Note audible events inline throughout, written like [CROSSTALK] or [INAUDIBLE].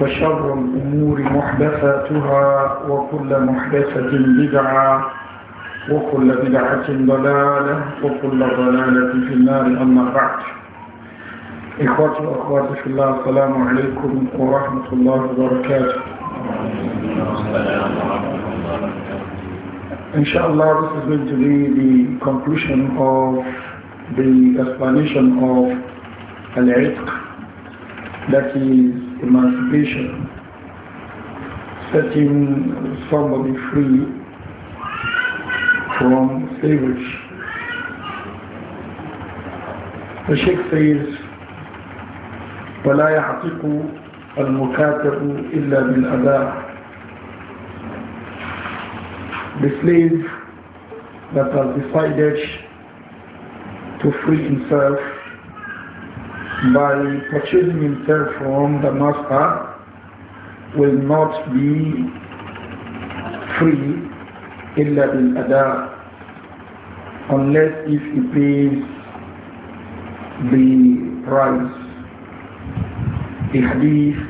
وشر الأمور محدثاتها وكل محدثة بدعة وكل بدعة ضلالة وكل ضلالة في النار أما بعد إخواتي وأخواتي في الله السلام عليكم ورحمة الله وبركاته إن شاء الله this is going to be the conclusion of the explanation of العتق that is emancipation, setting somebody free from slavery. The Sheikh says, ولا يحقق المكاتب إلا بالأداء The slave that has decided to free himself by purchasing himself from the master will not be free illa bil ada unless if he pays the price the hadith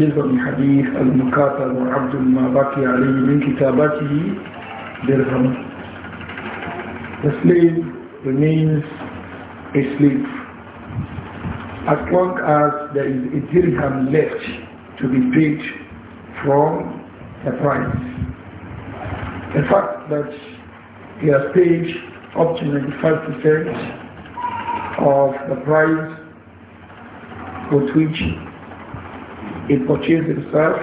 based on the hadith al-mukatab wa abdul ma baki alayhi min kitabatihi dirham the slave remains a slave as long as there is a dirham left to be paid from the price. The fact that he has paid up to 95% of the price with which he purchased himself,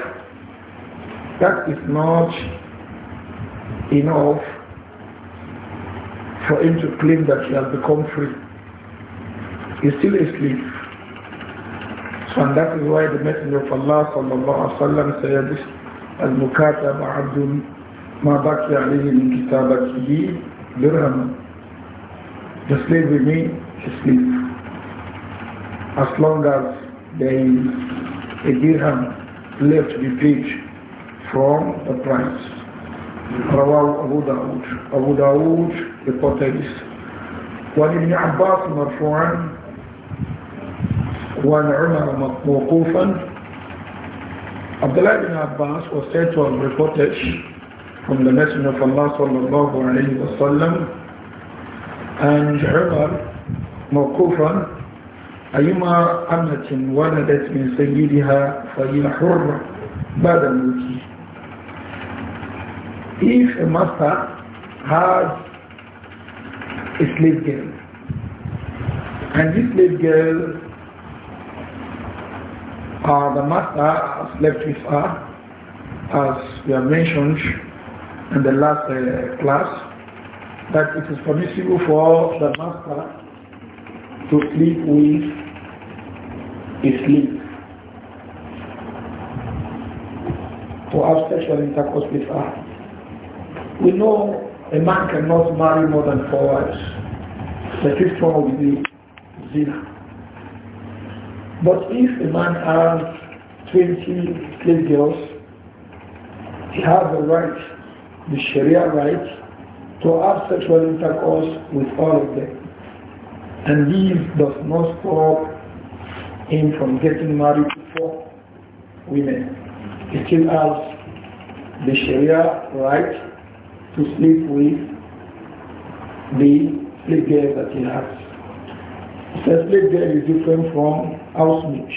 that is not enough for him to claim that he has become free. He's still a slave. And that is why the Messenger of Allah sallallahu alaihi wasallam said, "Al-mukatab abdul ma baki alayhi min kitabatihi dirham." The slave me his sleep. as long as there is a dirham left to be paid from the price. رواه أبو داود أبو داود reported this وعن ابن عباس مرفوعا وعن عمر موقوفا Abdullah ibn Abbas was said to have reported from the Messenger of Allah صلى الله عليه وسلم, and Umar موقوفا أيما أمة ولدت من سيدها فهي حرة بعد موته If a master has a slave girl and this slave girl uh, the master slept with her, as we have mentioned in the last uh, class, that it is permissible for the master to sleep with his slave, to have sexual intercourse with her. We know a man cannot marry more than four wives. The fifth one will be zina. But if a man has 20 slave girls, he has the right, the Sharia right, to have sexual intercourse with all of them. And this does not stop him from getting married to four women. He still has the Sharia right to sleep with the slave girls that he has. Self-made girl is different from housemaid.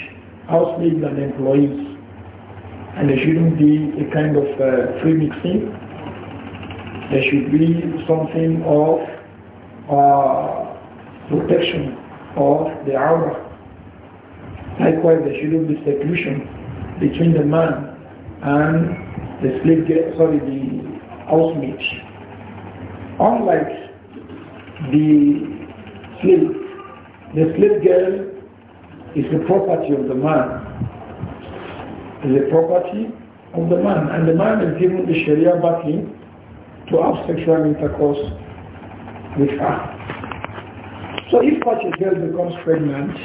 Housemaid and employees. And there shouldn't be a kind of uh, free mixing. There should be something of uh, protection of the aura. Likewise, there shouldn't be seclusion between the man and the slave girl, sorry, the housemaid. Unlike the slave the slave girl is the property of the man. Is the property of the man. And the man is given the Sharia backing to have sexual intercourse with her. So if such a girl becomes pregnant,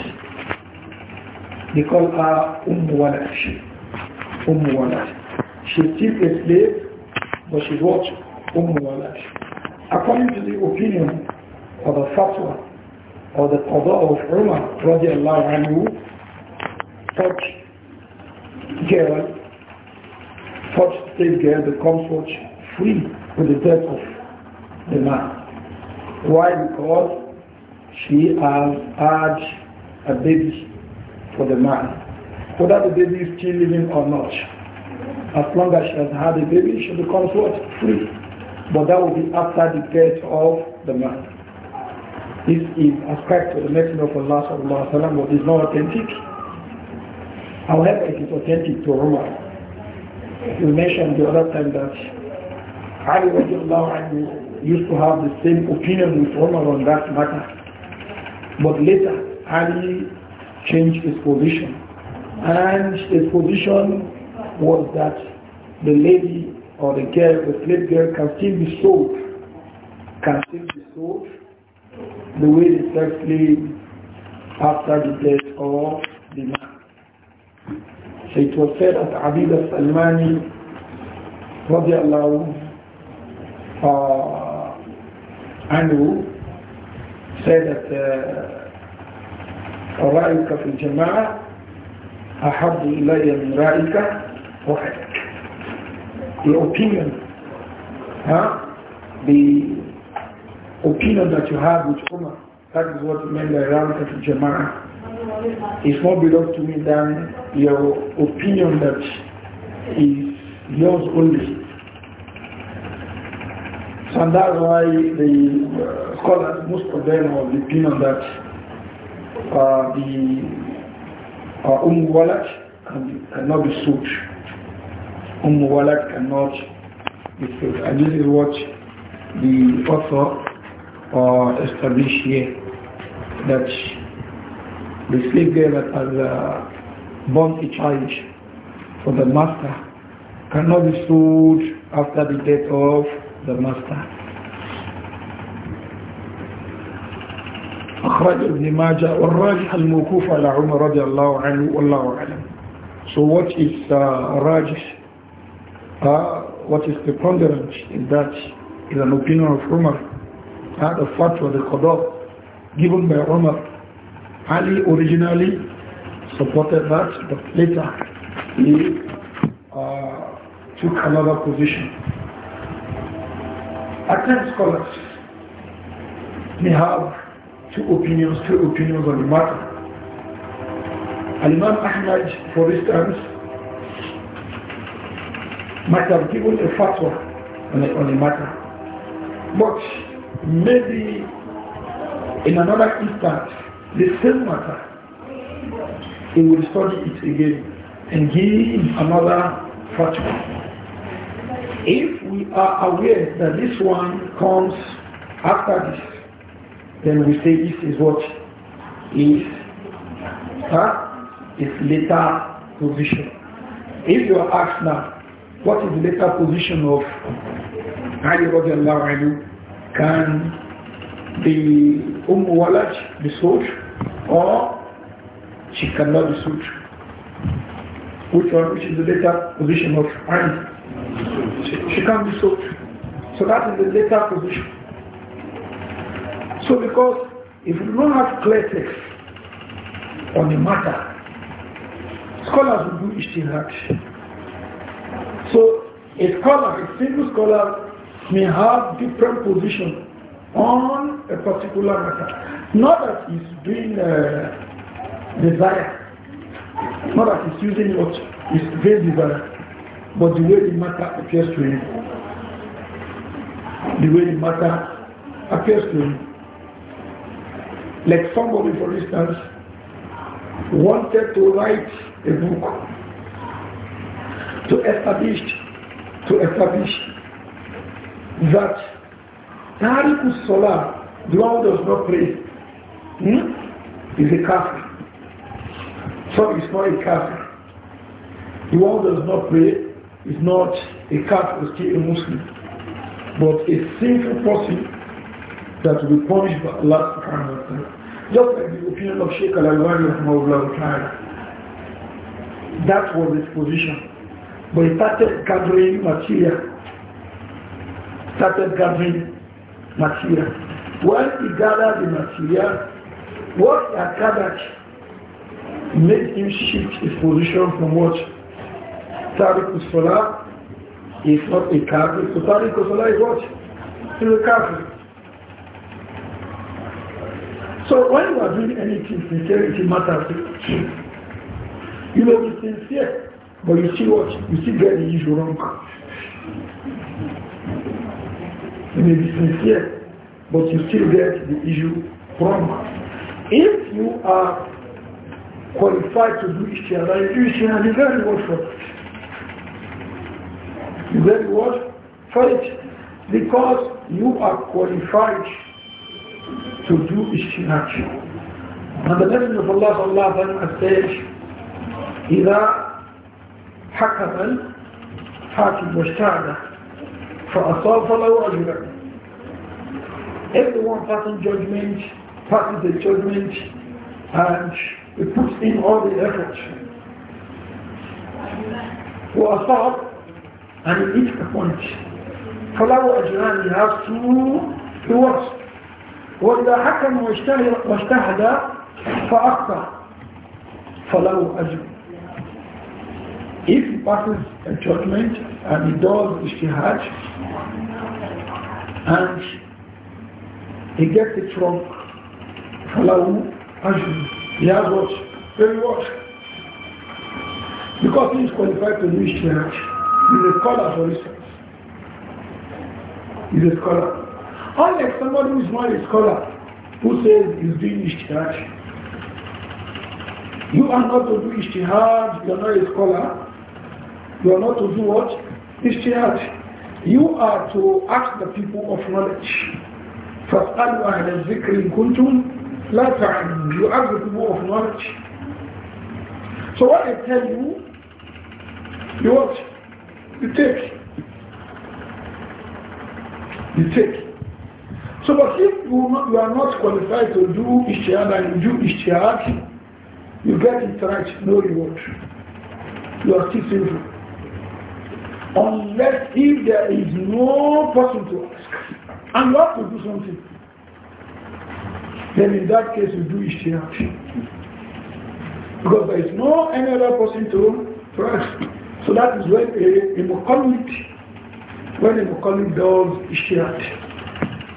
they call her Umm Walad. Umm Walad. She's still a slave, but she's what? Umm According to the opinion of a fatwa or the qada of Umar radiallahu anhu touch girl, touch slave girl becomes such free with the death of the man. Why? Because she has had a baby for the man. Whether the baby is still living or not. As long as she has had a baby, she becomes what? Free. But that will be after the death of the man. This is ascribed to the Messenger of Allah sallallahu alaihi wasallam, but is not authentic. However, it is authentic to Umar. We mentioned the other time that Ali radiallahu used to have the same opinion with Umar on that matter. But later, Ali changed his position. And his position was that the lady or the girl, the slave girl, can still be sold, can still be sold the way is actually after the death of the man. So it was said that Abid al-Salmani radiallahu uh, anhu said that uh, رأيك في الجماعة أحب إلي من رأيك وحدك. The opinion, huh? the opinion that you have with Omar, that is what meant by Rawat Jama'ah, is more belongs to me than your opinion that is yours only. So and that's why the uh, scholars, most of them have the opinion that uh, the uh, Umm Walad can, cannot be sued. Umm cannot be sued. And this is what the author or establish here that the slave girl that has uh, born a child for the master cannot be sold after the death of the master. أخرج ابن ماجه والراجح الموقوف على عمر رضي الله عنه والله أعلم. So what is uh, راجح? Uh, what is the ponderance in that is an opinion of Umar had a fatwa, the Qadha, given by Umar. Ali originally supported that, but later he uh, took another position. Athens scholars may have two opinions, two opinions on the matter. Al-Imam Ahmad, for instance, might have given a fatwa on the, on the matter. But maybe in another instance, the same matter, he will study it again and give another fatwa. If we are aware that this one comes after this, then we say this is what is huh? is later position. If you are asked now, what is the later position of Ali radiallahu can the Umm Walaj be sold or she cannot be sold? Which one, which is the better position of Ayn? She, she can be sold. So that is the better position. So because if you don't have clear text on the matter, scholars will do that. So a scholar, a single scholar may have different position on a particular matter. Not that he's doing uh, desire, not that he's using what is very desire, but the way the matter appears to him. The way the matter appears to him. Like somebody, for instance, wanted to write a book to establish to establish that Tariqus Salah, the one who does not pray, hmm, is a kafir. So it's not a kafir. The one who does not pray is not a kafir, still a Muslim, but a sinful person that will be punished by Allah subhanahu wa ta'ala. Just like the opinion of Sheikh Al-Albani ta'ala. That was his position. But he started gathering material started gathering material. When he gathered the material, what Akadak made him shift his position from what? Tariq that. is not a Kafir. So Tariq Salah is what? He's a Kafir. So when you are doing anything, sincerity matters. You may be sincere, but you see what? You still get the issue wrong. You may be sincere, but you still get the issue wrong. If you are qualified to do Ishtiyara, you do Ishtiyara, you get reward for it. You get reward for it because you are qualified to do Ishtiyara. And the Messenger of Allah Allah, alayhi wa sallam says, إذا حكم الحاكم واجتهد فأصاب فله أجر Everyone passes judgment, passes the judgment, and it puts in all the effort. فأصاب and it hits a point. فله أجران he has two rewards. وإذا حكم وَاشْتَهَدَ فأخطأ فَلَوْ أجر if he passes a judgment and he does ishtihad and he gets it from Falahu Ajr, he has what? Very what? Because he is qualified to do He is a scholar for instance. He is a scholar. Unlike somebody who is not a scholar, who says he is doing ishtihad. You are not to do ishtihad, you are not a scholar, you are not to do what? Ishtihad. You are to ask the people of knowledge. فَاسْأَلُوا أَهْلَ الذِّكْرِ كُنْتُمْ لَا تَعْلَمُونَ You ask the people of knowledge. So what I tell you, you what? You take. You take. So but if you, not, you are not qualified to do ishtihad and you do ishtihad, you get it right, no reward. You are still sinful unless if there is no person to ask. And you have to do something. Then in that case you do ishtiyak. Because there is no any other person to, to ask. So that is when a, a when a muqallid does ishtihad.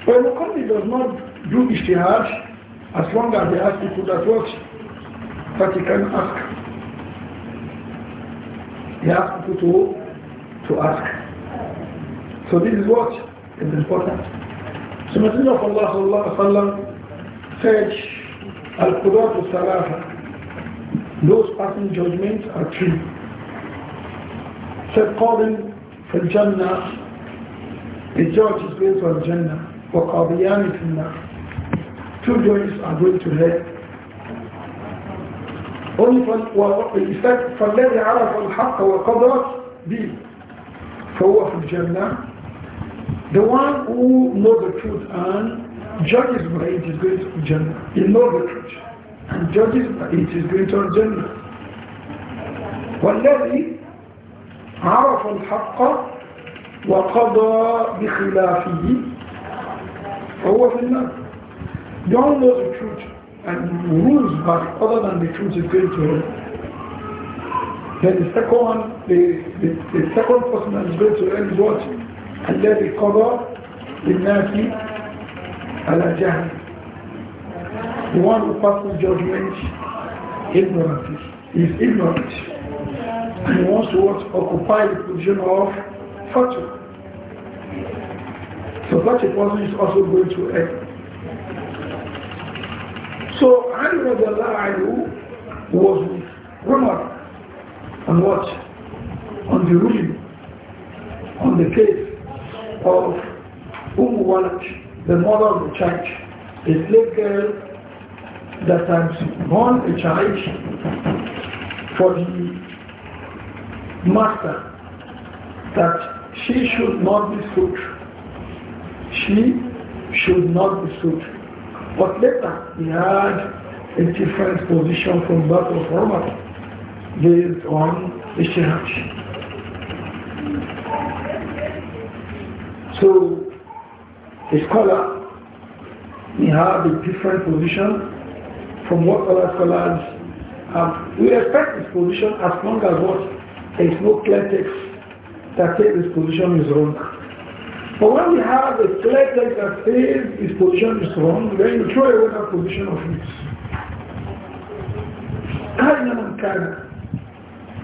When a muqallid does not do ishtihad, as long as they ask people that work, that he can ask. He ask people to to ask. So this is what is important. So Messenger of Allah sallallahu sallam said, Al-Qudrat al-Salafa, those passing judgments are three. Said Qadin fil-Jannah, a judge is going to Al-Jannah, wa Qadiyani fil-Nar. Two judges are going to hell. Only for قل فالذي عرف الحق وقضى به فهو في الجنة the one who knows the truth and judges by it is going to Jannah. He knows the truth and judges by it is going to Jannah. والذي عرف الحق وقضى بخلافه فهو في النار. The one knows the truth and rules by other than the truth is going to hell. Then the second one, the, the, the second person that is going to end what? الذي the للناس The جهل. The one who passes judgment ignorantly. is ignorant. And he wants to occupy the position of fortune. So such a person is also going to end. So Ali radiallahu anhu was with Umar on what? On the ruling, on the case of Umm Walad, the mother of the child, a slave girl that has born a child for the master that she should not be sued. She should not be sued. But later he had a different position from that of Roman based on Ishtihad. So a scholar may have a different position from what other scholars have. We respect this position as long as what there is no clear text that says this position is wrong. But when we have a clear text that says this position is wrong, then you throw away that position of his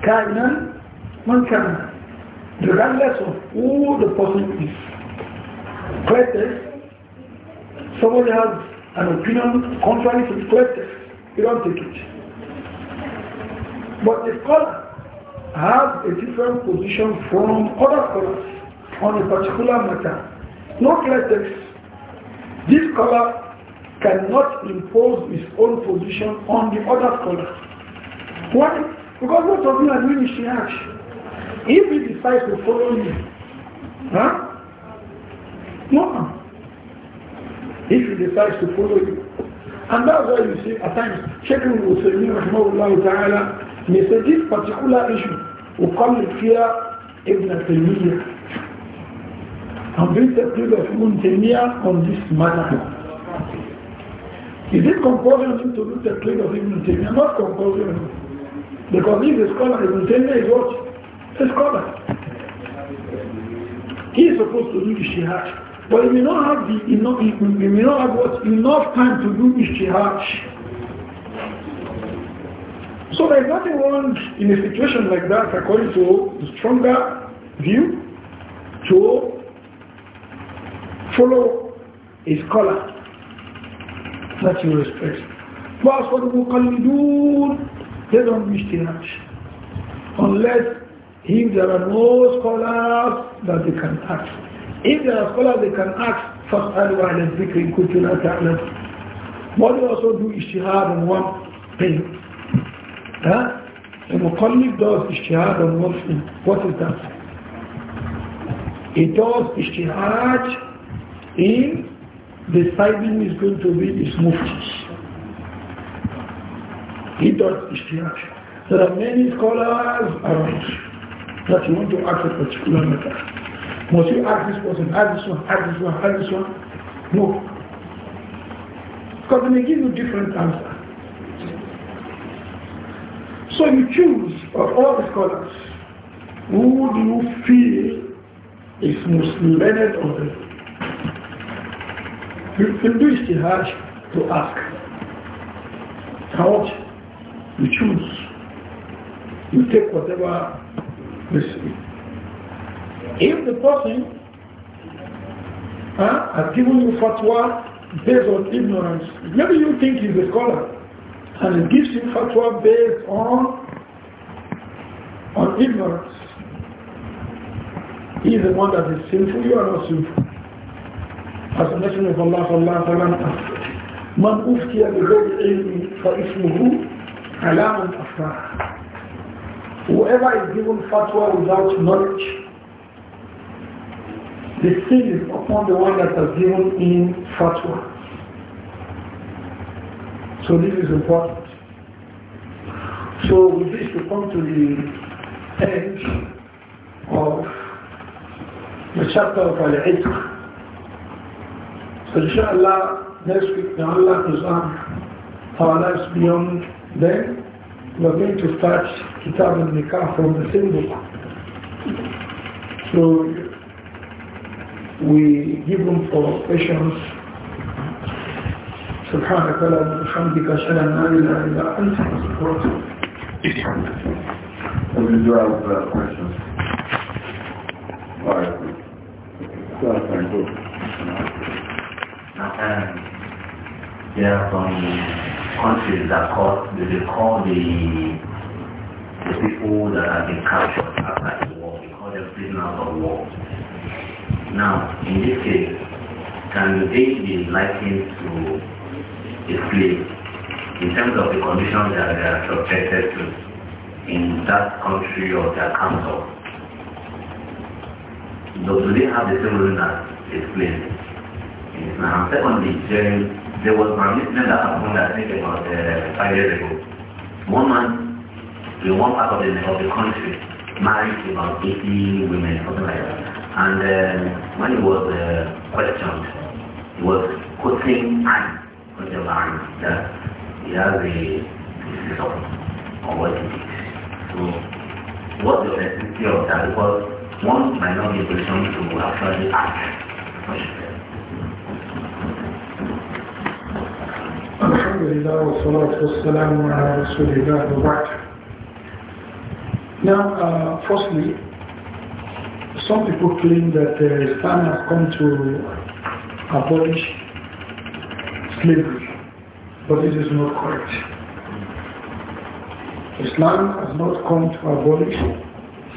kainan mankind, regardless of who the person is. Greatest, somebody has an opinion contrary to the you don't take it. But the scholar has a different position from other scholars on a particular matter. No greatest. This scholar cannot impose his own position on the other scholar. What? Because most of you are doing Ishihaj. If he decides to follow you, huh? No. If he decides to follow you. And that's why you see at times Shaykh will Sheikh Hussein Rahmahullah Ta'ala may say this particular issue will come with fear Ibn Taymiyyah. And bring the proof of Ibn Taymiyyah on this matter. Is it compulsory to do the trade of Ibn Taymiyyah? Not compulsory Because he's a scholar, Ibn Taymiyyah is what? A scholar. He is supposed to do ishtihad. But he may not have the enough, he may not have what enough time to do ishtihad. So there's nothing wrong in a situation like that according to the stronger view to follow a scholar that you respect. But as for the muqallidun, they don't wish to Hajj. Unless if there are no scholars that they can ask. If there are scholars they can ask, فَاسْأَلُوا عَلَى الذِّكْرِ إِن كُنْتُمْ لَا تَعْلَمُونَ But they also do ishtihad on one thing. Huh? The Muqallib does ishtihad on one thing. What is that? He does ishtihad in deciding is going to be his muftis. He does ishtihad. There are many scholars around that you want to ask a particular matter. Must you ask this person, ask this one, ask this one, ask this one? No. Because they may give you different answer. So you choose of all the scholars, who do you feel is most learned of them? You can do ishtihad to ask. How much? You choose. You take whatever you see. If the person has given you fatwa based on ignorance, maybe you think he's a scholar, and he gives you fatwa based on on ignorance. He is the one that is sinful, you are not sinful. As a Messenger of Allah, Allah, Allah, Man uftiya bi ilmi fa ismuhu Kalam and Afra. Whoever is given fatwa without knowledge, the sin is upon the one that has given him fatwa. So this is important. So with this we come to the end of the chapter of Al-Itq. So inshallah, next week, may Allah preserve our lives beyond then we are going to start Kitab al-Nikah from the same book. So we give room for questions. سبحانك لا بحمدك أشهد أن لا إله إلا أنت أستغفرك All right. yeah, from countries that call, they, they call the, the people that have been captured after the war, they call them prisoners of war. Now, in this case, can they be likened to a slave in terms of the conditions that they are subjected to in that country or their country? Do, they have the same ruling as a slave in Secondly, jail there was one incident that happened I think about uh, five years ago. One man in one part of the, of the country married about 80 women, something like that. And um, when he was uh, questioned, he was quoting on the line. that he has a system or what it is. So what the authenticity of that? Because one might not be in person to actually act. الحمد لله والصلاة والسلام على رسول الله وبعد. Now, uh, firstly, some people claim that uh, Islam has come to abolish slavery, but it is not correct. Islam has not come to abolish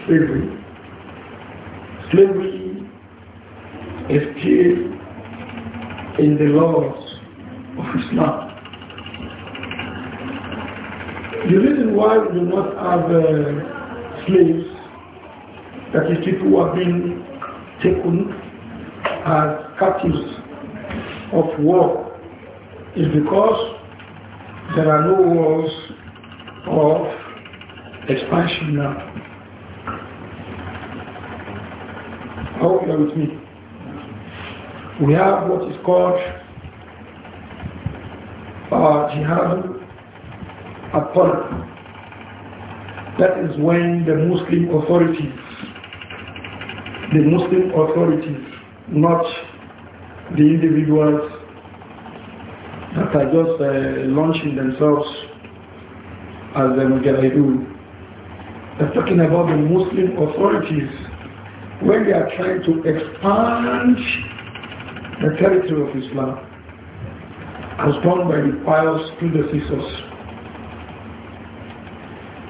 slavery. Slavery is still in the laws of Islam. The reason why we do not have uh, slaves, that is people who are being taken as captives of war, is because there are no wars of expansion now. I hope you are with me. We have what is called uh, jihad upon. That is when the Muslim authorities, the Muslim authorities, not the individuals that are just uh, launching themselves as the Mujahideen. They're talking about the Muslim authorities when they are trying to expand the territory of Islam as done by the pious predecessors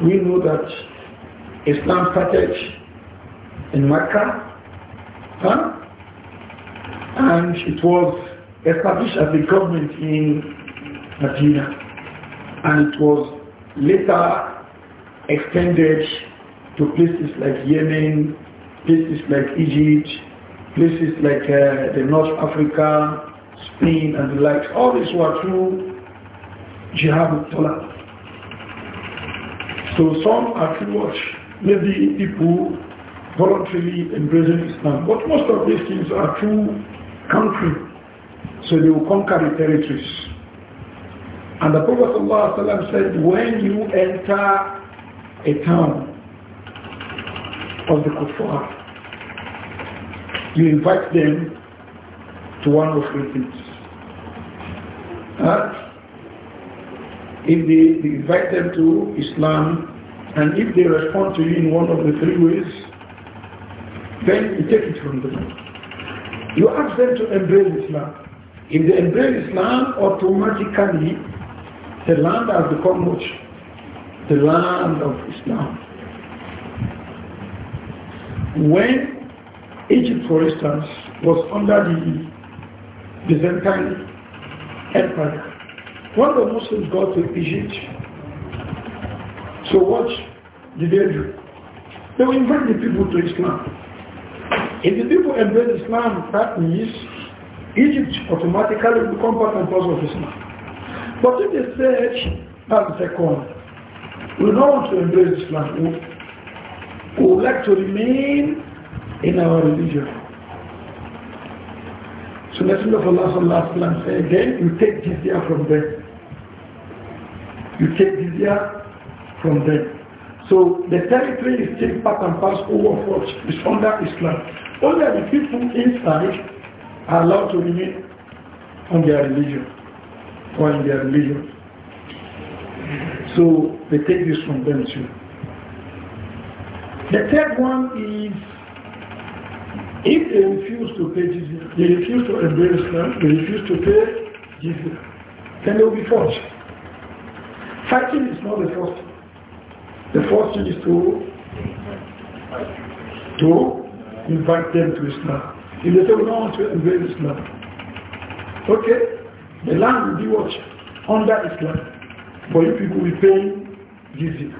we know that Islam started in Mecca, huh? and it was established as a government in Medina, and it was later extended to places like Yemen, places like Egypt, places like uh, the North Africa, Spain and the like. All these were through jihad so some are watch, Maybe people voluntarily embracing Islam. But most of these things are through country. So they will conquer the territories. And the Prophet ﷺ said, when you enter a town of the kuffar, you invite them to one of three things if they, they invite them to Islam and if they respond to you in one of the three ways, then you take it from them. You ask them to embrace Islam. If they embrace Islam, automatically the land has become much. The land of Islam. When Egypt, for instance, was under the Byzantine Empire, when the Muslims got to Egypt, so what did they do? They will invite the people to Islam. If the people embrace Islam, that means Egypt automatically become part and parcel of Islam. But if they said, that's the second, we don't want to embrace Islam. We, would like to remain in our religion. So Messenger of Allah said, then you take this from them you take year from them. So the territory is still part and parcel of it's under Islam. Only the people inside are allowed to remain on their religion or in their religion. So they take this from them too. The third one is if they refuse to pay they refuse to embrace Islam, they refuse to pay jizya, then they will be forced. Fighting is not the first thing. The first thing is to, to invite them to Islam. If they say we don't want to embrace Islam, okay, the land will be what? Under Islam. But you people will pay jizya.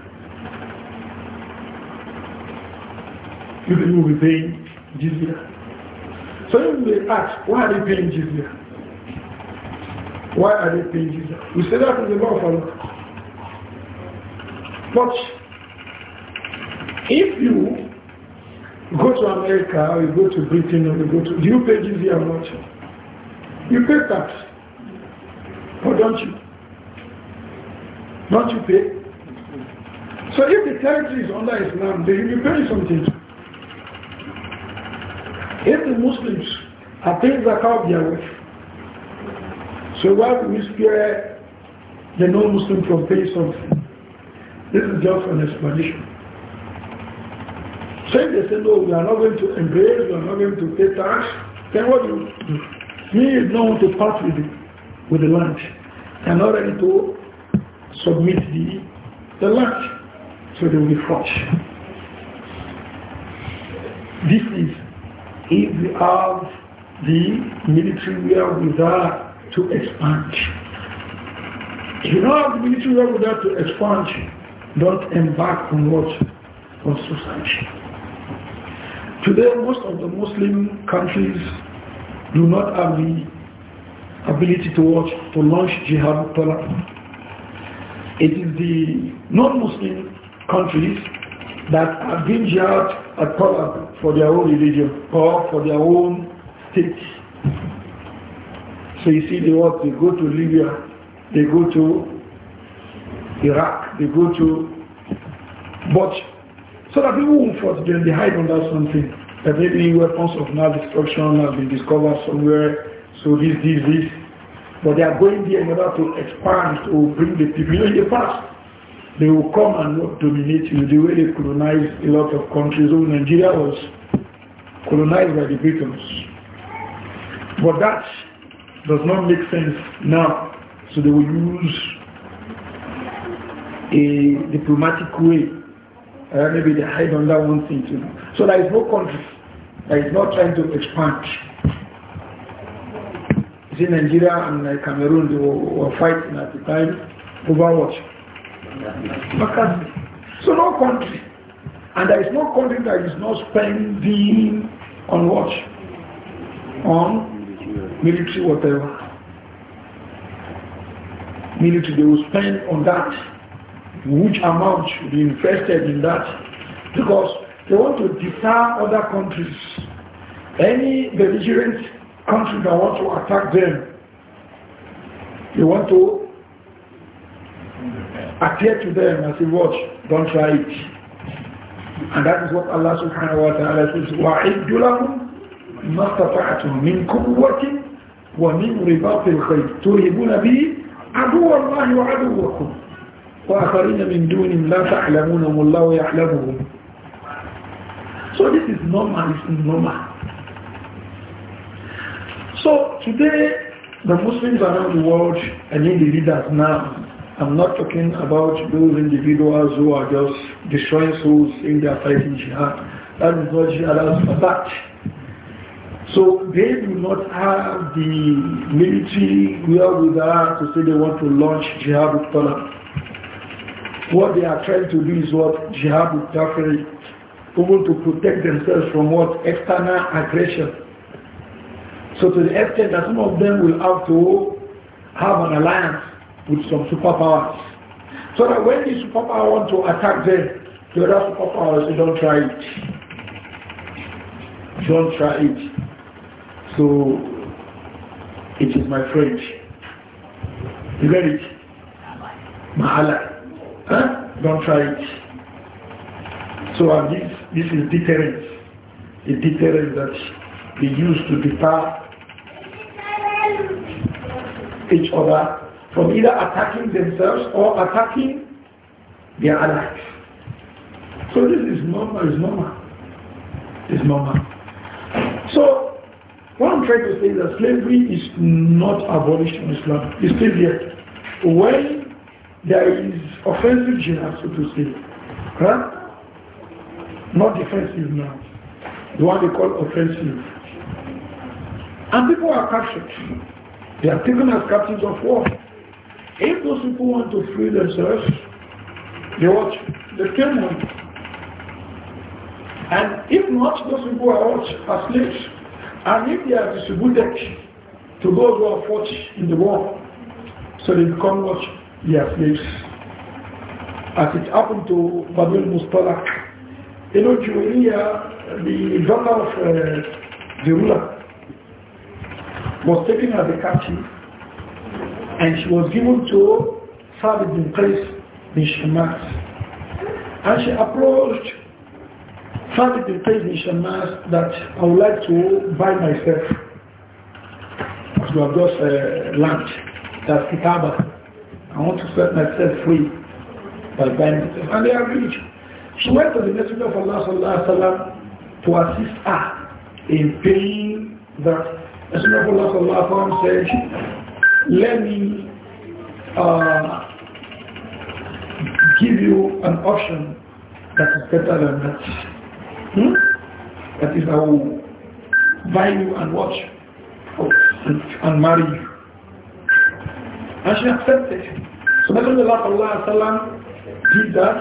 You people will be paying jizya. So you may ask, why are they paying jizya? Why are they paying jizya? We say that in the law of Allah. But if you go to America or you go to Britain or you go to, do you pay duty or not? You pay tax. Or don't you? Don't you pay? So if the territory is under Islam, then you pay something. If the Muslims are paying zakat their way, so why do we spare the non-Muslim from paying something? This is just an explanation. So if they say, no, we are not going to embrace, we are not going to pay tax, then what do you do? Me is not going to part with the with the land. and are not ready to submit the, the land. So they will be forced. This is if we have the military without to expand. If you don't have the military without to expand, don't embark on what? On suicide. Today, most of the Muslim countries do not have the ability to watch, to launch jihad It is the non-Muslim countries that are being jihad at talaq for their own religion or for their own state. So you see the what, they go to Libya, they go to Iraq, they go to, but so that people won't fraud them, they hide under something. That maybe weapons of mass destruction have been discovered somewhere, so this, this, this. But they are going there in order to expand, to bring the people in the past. They will come and not dominate you the way they colonize a lot of countries. So Nigeria was colonized by the Britons. But that does not make sense now. So they will use a diplomatic way. Uh, maybe they hide on that one thing too. So there is no country that is not trying to expand. You see Nigeria and uh, Cameroon, they were, were, fighting at the time over what? So no country. And there is no country that is not spending on what? On military whatever. Military, they will spend on that which amount should be invested in that because they want to deter other countries. Any belligerent country that wants to attack them, they want to appear to them and say, watch, don't try it. And that is what Allah subhanahu wa ta'ala says, وَعِدُّ لَهُمْ مَا اسْتَطَعْتُمْ مِنْ قُوَّةٍ وَمِنْ رِبَاطِ الْخَيْرِ تُرْهِبُونَ بِهِ عَدُوَ اللَّهِ وَعَدُوَّكُمْ وآخرين من دونهم لا والله يعلمهم So this is normal, this is normal. So today, the Muslims around the world, and mean the leaders now, I'm not talking about those individuals who are just destroying souls in their fighting jihad. That is not jihad for that. So they do not have the military wherewithal to say they want to launch jihad with what they are trying to do is what? Jihad with They want to protect themselves from what? External aggression. So to the extent that some of them will have to have an alliance with some superpowers. So that when the superpower want to attack them, the other superpowers they don't try it. Don't try it. So it is my friend. You get it? My ally. Huh? Don't try it. So this, this is deterrent. A deterrent that we use to deter each other from either attacking themselves or attacking their allies. So this is normal, is normal. It's normal. So what I'm trying to say is that slavery is not abolished in Islam. It's still there. When there is offensive jihad, so to say. Huh? Not defensive now. The one they call offensive. And people are captured. They are taken as captives of war. If those people want to free themselves, they watch. They kill them. And if not, those people are watched as slaves. And if they are distributed to those who are fought in the war, so they become what? They are slaves as it happened to Babul Mustalak. You know, Julia, the daughter of uh, the ruler, was taken as a captive and she was given to Sabit bin Qais bin Shamas. And she approached Sabit bin Qais bin Shamas that I would like to buy myself as we have just uh, lunch, that's Kitaba. I want to set myself free and they agreed. She went to the Messenger of Allah sallallahu alaihi wasallam to assist her in paying that. Messenger of Allah sallallahu alaihi wasallam said, "Let me uh, give you an option that is better than that. Hmm? That is, I will buy you and watch and, and marry you." And she accepted. So Messenger of Allah sallallahu alaihi wasallam did that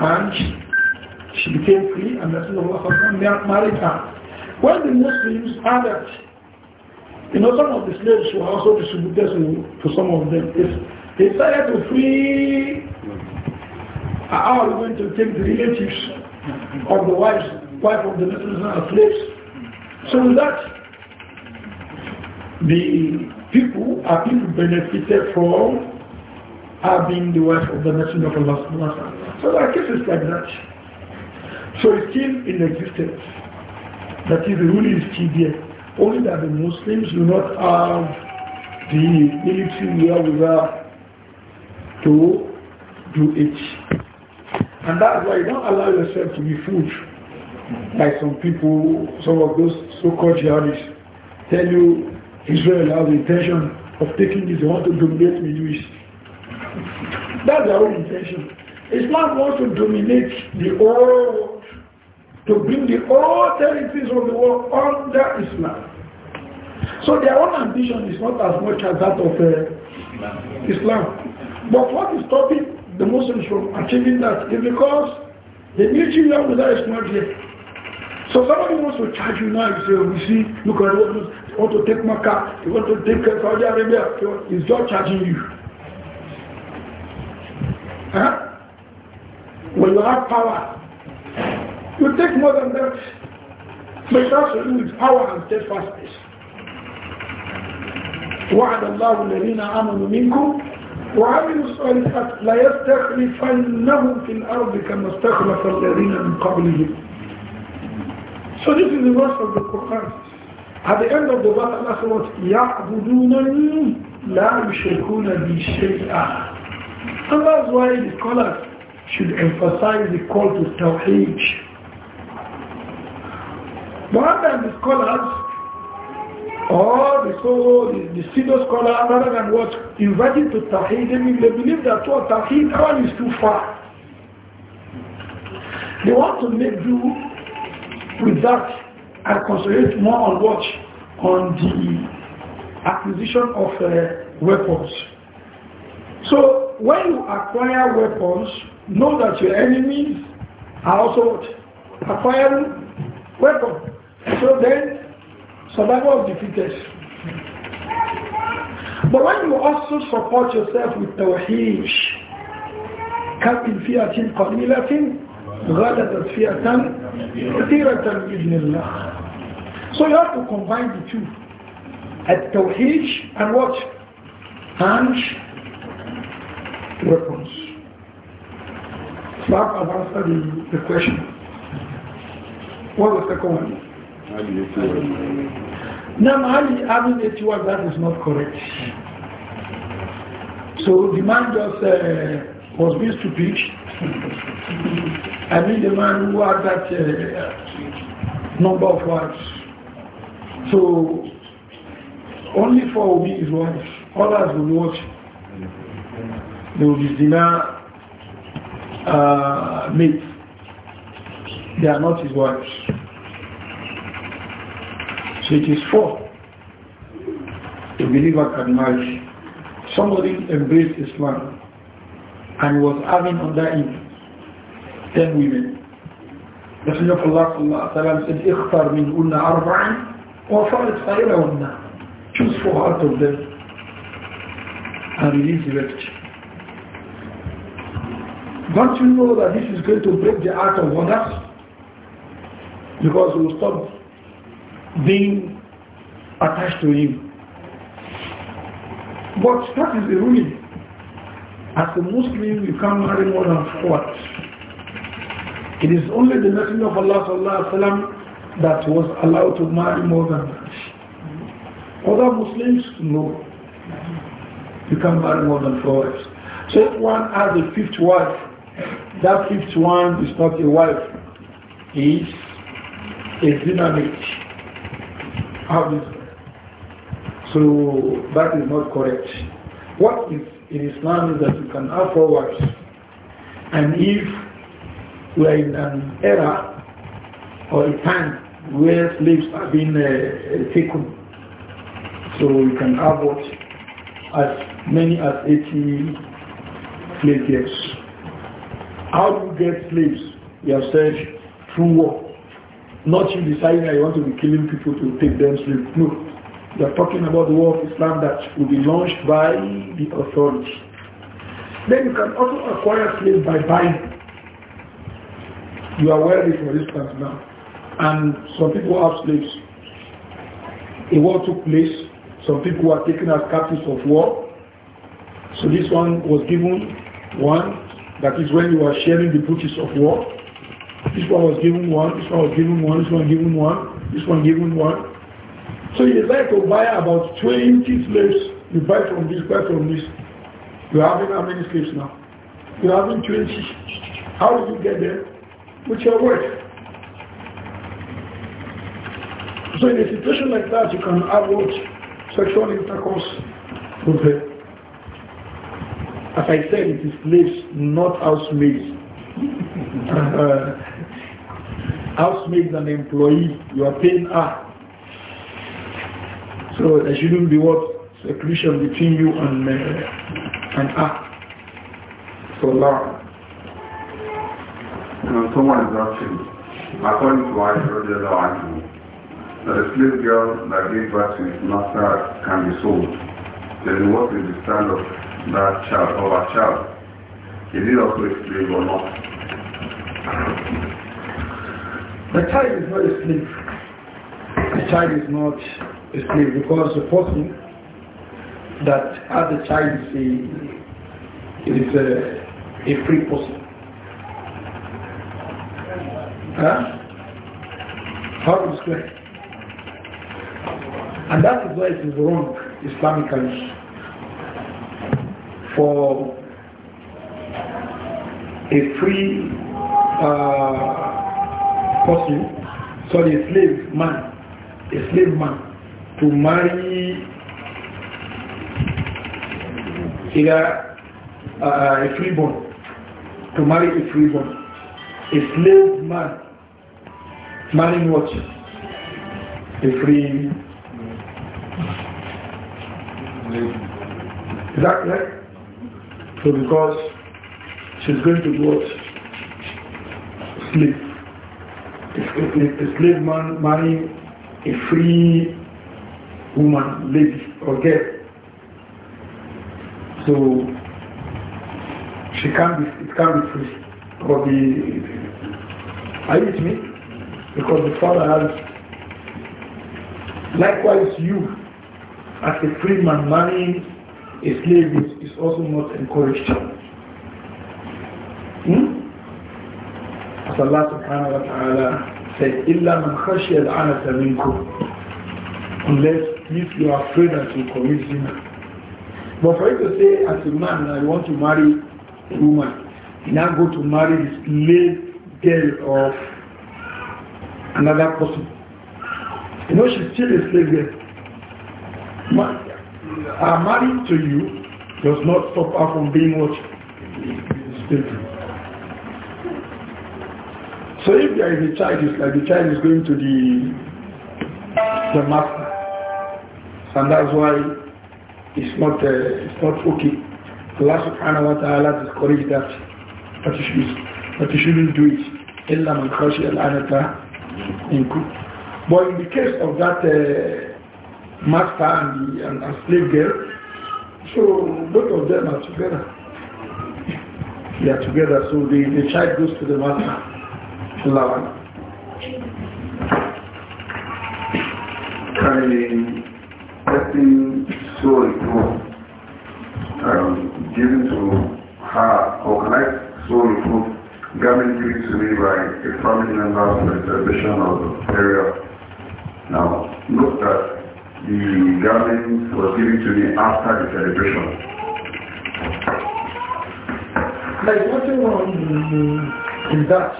and she became free and Rasulullah married her. When the Muslims had that, you know, some of the slaves were also distributed to, some of them. They started to free our uh, going to take the relatives of the wives, wife of the Messenger of slaves. So that the people are being benefited from have being the wife of the Messenger of Allah. So there are cases like that. So it's still in existence. That is, the rule is still there. Only that the Muslims do not have the military wherewithal to do it. And that's why you don't allow yourself to be fooled by some people, some of those so-called jihadists tell you Israel has the intention of taking this, they want to dominate Middle East. That's their own intention. Islam wants to dominate the whole world, to bring the whole territories of the world under Islam. So their own ambition is not as much as that of uh, Islam. But what is stopping the Muslims from achieving that is because the new Islam is not here. So somebody wants to charge you now, you say, we oh, see, look at what you want to take Makkah, you want to take Saudi Arabia, he's just charging you. you have power. You take more than that. But it has to with power and steadfastness. وعد الله الذين آمنوا منكم وعملوا الصالحات في الأرض كما استخلف الذين من قبلهم. So this is the verse of the Quran. At the end of the verse, Allah says, يعبدونني لا يشركون بي شيئا. And that's why the us should emphasize the call to Tawheed. More than the scholars, or the so the, the pseudo scholar, rather than what inviting to Tawheed, I mean, they believe that what oh, Tawheed one is too far. They want to make do with that and concentrate more on what? On the acquisition of uh, weapons. So when you acquire weapons, know that your enemies are also acquiring weapons. So then, survival of defeaters. But when you also support yourself with tawheed, كَبِّنْ فِيَةٍ قَلِيلَةٍ غَلَدَتْ فِيَةً كَثِيرَةً بِإِذْنِ اللَّهِ So you have to combine the two. At tawheed and what? And weapons. I have answered the, the question. What was the second one? Now, Ali having a tour that is not correct. So the man just uh, was to stupid. [LAUGHS] I mean, the man who had that uh, number of words. So only four will be his wives. Others will watch. There will be dinner uh, mates. They are not his wives. So it is four. A believer can marry. Somebody embraced Islam and was having under him ten women. Messenger of Allah sallam, said, اختر من أن أربعا وفرد خيرهن. Choose four out of them and release the rest. Don't you know that this is going to break the heart of others? Because you will stop being attached to him. But that is the rule. As a Muslim, you can't marry more than four. It is only the Messenger of Allah sallallahu that was allowed to marry more than that. Other Muslims, no. You can't marry more than four So if one has a fifth wife, that fifth one is not a wife, is a dynamite. How is so that is not correct. What is in Islam is that you can have four wives. And if we are in an era or a time where slaves have been uh, taken, so you can have what? As many as 80 slave girls. How do you get slaves? You have said through war. Not you deciding that you want to be killing people to take them slaves. No. You are talking about the war of Islam that will be launched by the authority. Then you can also acquire slaves by buying. You are wealthy, for instance, now. And some people have slaves. A war took place. Some people were taken as captives of war. So this one was given one, that is when you are sharing the booties of war. This one was given one, this one was given one, this one given one, this one given one. So you like to buy about 20 slaves. You buy from this, buy from this. You're having how many slaves now? You're having 20. How did you get there? With your work. So in a situation like that, you can avoid sexual intercourse with okay. As I said, it is slaves, not housemaids. [LAUGHS] housemaids and employees, you are paying her. So there shouldn't be what separation between you and uh, and her. So Lord. You know, someone is asking, according to what I heard the other argument, that a slave girl that gave birth to his master can be sold, then what is the standard? of that child or our child, is it also a slave or not? The child is not a slave. The child is not a slave because the person that has the child is a, is a, a free person. Huh? How to And that is why it is wrong Islamically for a free uh, person, sorry, a slave man, a slave man, to marry either uh, a freeborn, to marry a freeborn, a slave man, marrying what? A free. Is that right? So because she's going to go sleep. If, if, a slave man marry a free woman, lady or girl, so she can't be, it can't be free. Or the, are you with me? Because the father has. Likewise, you, as a free man marrying a slave is, is also not encouraged. Hmm? As Allah subhanahu wa ta'ala said, إِلَّا مَنْ خَشِيَ الْعَنَةَ مِنْكُمْ Unless if you are afraid that you commit sin. But for you to say, as a man, I want to marry a woman, you now go to marry this slave girl of another person. You know, she's still a slave girl are married to you does not stop her from being what? Stable. So if there is a child, it's like the child is going to the the master. And that's why it's not uh, it's not okay. Allah subhanahu wa ta'ala discouraged that that you should you shouldn't do it. Illa man khashi al-anata But in the case of that uh, master and, the, and, and slave girl. So both of them are together. They are together, so the, the child goes to the master. Allah. Currently, testing so it was um, given to her or like so it was garment given to me by a family member for the celebration of the area. Now, note that the garment was given to me after the celebration. There's nothing on in that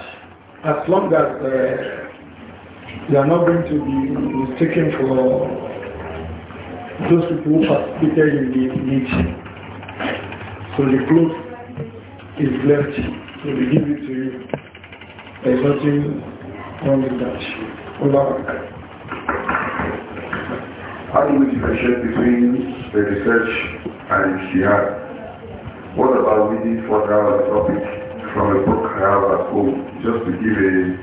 as long as uh, you are not going to be mistaken for those people who participated in the meeting. So the cloth is left, so they give it to you. There's nothing wrong with that. Allah. How do we differentiate between the research and jihad? What about reading for our topic from a book I have at home just to give a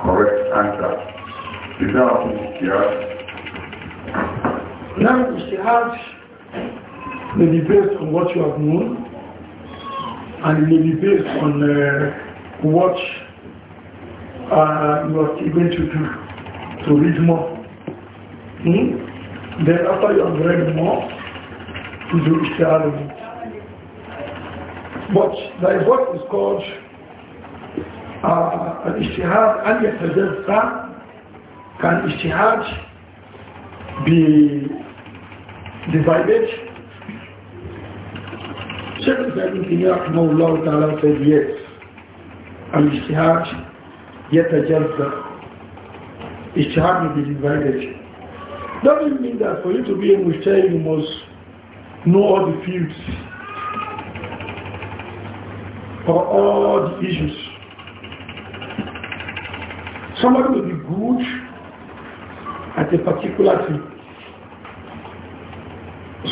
correct answer? Is that what is jihad? Now, jihad may be based on what you have known and it may be based on uh, what uh, you are going to do, to read more. Hmm? Then after you have read more, you do Ishtihad. But there is what is called uh, an Ishtihad, and yet can Ishtihad be divided. Sheikh that Taymiyyah Mawlaw Ta'ala said yes. Al-Ijtihad yet a jalsa. Ijtihad may be divided doesn't mean that for you to be a Mujtahid, you must know all the fields or all the issues. Somebody will be good at a particular thing.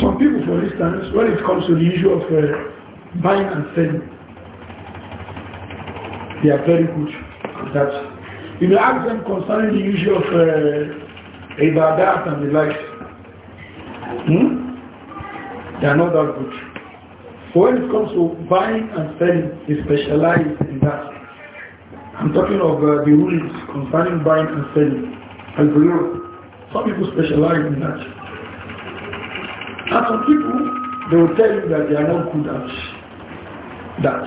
Some people, for instance, when it comes to the issue of uh, buying and selling, they are very good at that. If you ask them concerning the issue of uh, ibadat and the like. Hmm? They are not that good. So when it comes to buying and selling, they specialize in that. I'm talking of uh, the rules concerning buying and selling. Al-Buyur. Some people specialize in that. And some people, they will tell you that they are not good at that.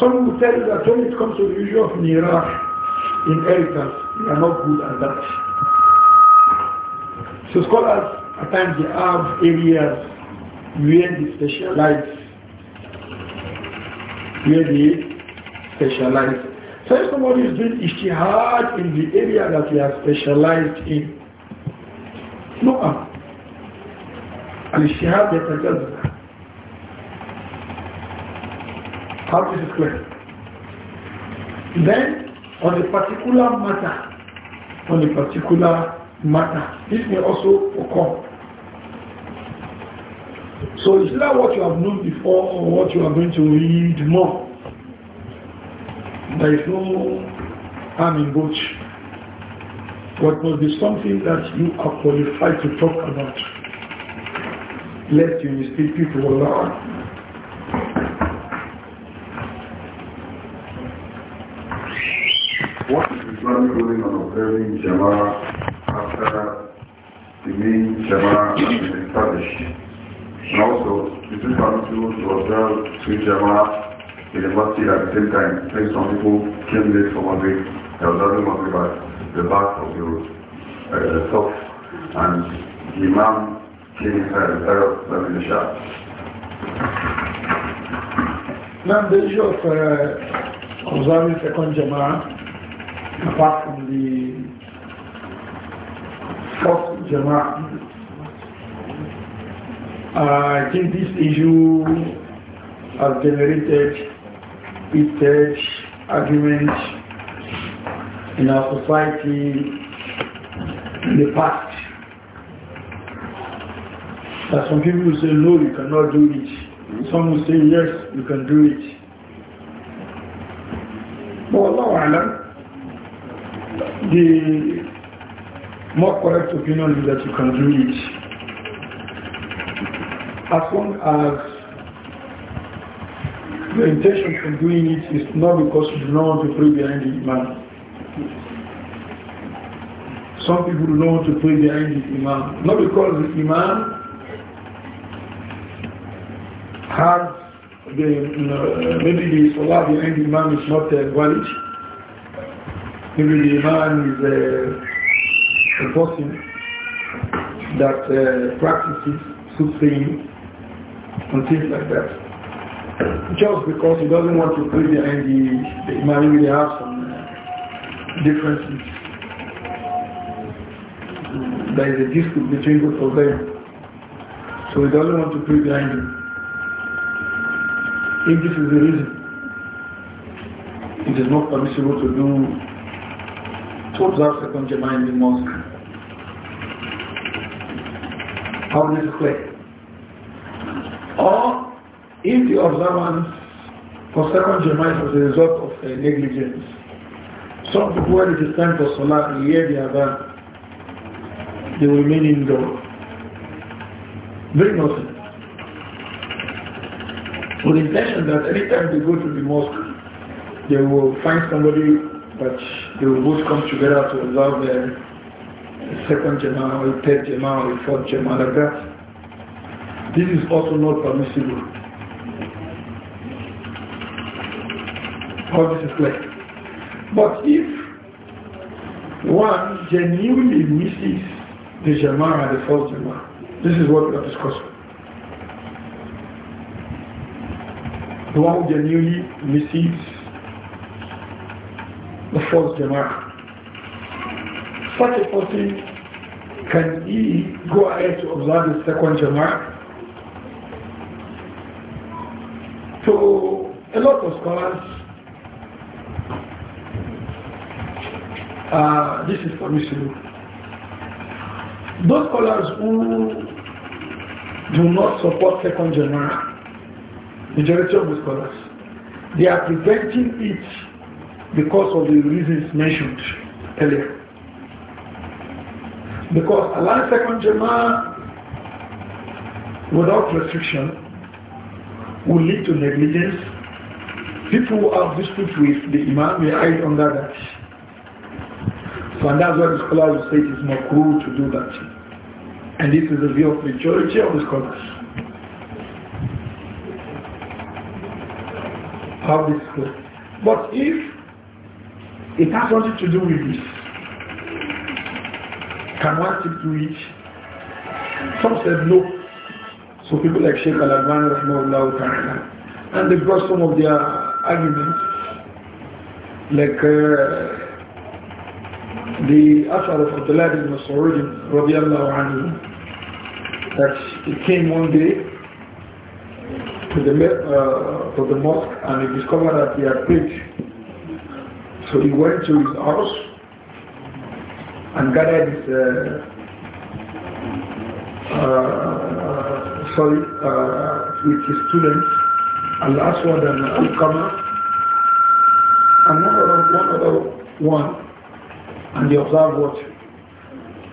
Some will tell you that when it comes to the issue of mirah, inheritance, they are not good at that. So scholars at times they have areas where they specialize. Where they specialize. So if somebody is doing ishtihad in the area that they are specialized in, no and harm. الاشتهاد يتجزأ How this is clear. Then, on a particular matter, on a particular Matter. This may also occur. So it's not what you have known before or what you are going to read more. There is no harm in both. What must be something that you are qualified to talk about. Lest you mistake people alone. What is Islamic ruling on observing Jama'ah after the main has been established. And also, it is permissible to observe two Jamaa in the mosque at the same time, since some people came late from Madrid, they were observing Madrid at the back of the road, uh, the top, and the Imam came inside the side of the Shah. Now, the issue of uh, observing second Jamaa apart from the first Jama'ah. I think this issue has generated heated arguments in our society in the past. That some people will say, no, you cannot do it. Some will say, yes, you can do it. But Allah, the more correct opinion is that you can do it. As long as the intention from doing it is not because you do not want to pray behind the imam. Some people do not want to pray behind the imam. Not because the imam has the, you know, uh, maybe the salah behind the imam is not uh, valid. Maybe the imam is uh, a person that uh, practices soothsaying and things like that. Just because he doesn't want to put behind the, he might really have some uh, differences. There is a dispute between both of them. So he doesn't want to put behind him. If this is the reason, it is not permissible to do to observe second Jemima in the mosque. 100 square. Or if the observance for second Jemaat was a result of uh, negligence, some people when it is time for Salah, they hear the Adhan, they remain indoors. Very nothing. With the intention that anytime they go to the mosque, they will find somebody but they will both come together to observe their second Jama or third Jama or fourth Jama like that. This is also not permissible. How this is like. But if one genuinely misses the Jama and the fourth Jama, this is what we are discussing. The one who genuinely misses the fourth Jama such a person can he go ahead to observe the second Jama'ah? So a lot of scholars, uh, this is Luke. Those scholars who do not support second Jama'ah, majority of the scholars, they are preventing it because of the reasons mentioned earlier. Because Allah second Jama'ah without restriction will lead to negligence. People who have dispute with the Imam may hide under that. So and that's why the scholars will say it is more cruel to do that. And this is the view of majority of the scholars. How this goes. But if it has nothing to do with this, can one still do it? Some said no. So people like Sheikh Al-Albani, Rahmahullah, and they brought some of their arguments, like uh, the Ashar of Abdullah ibn Mas'ud, radiallahu anhu, that he came one day to the, uh, to the mosque and he discovered that he had preached. So he went to his house and gather uh, uh, sorry, uh, with his students, and last one and Al-Qama, and one other, one other one, and they observe what?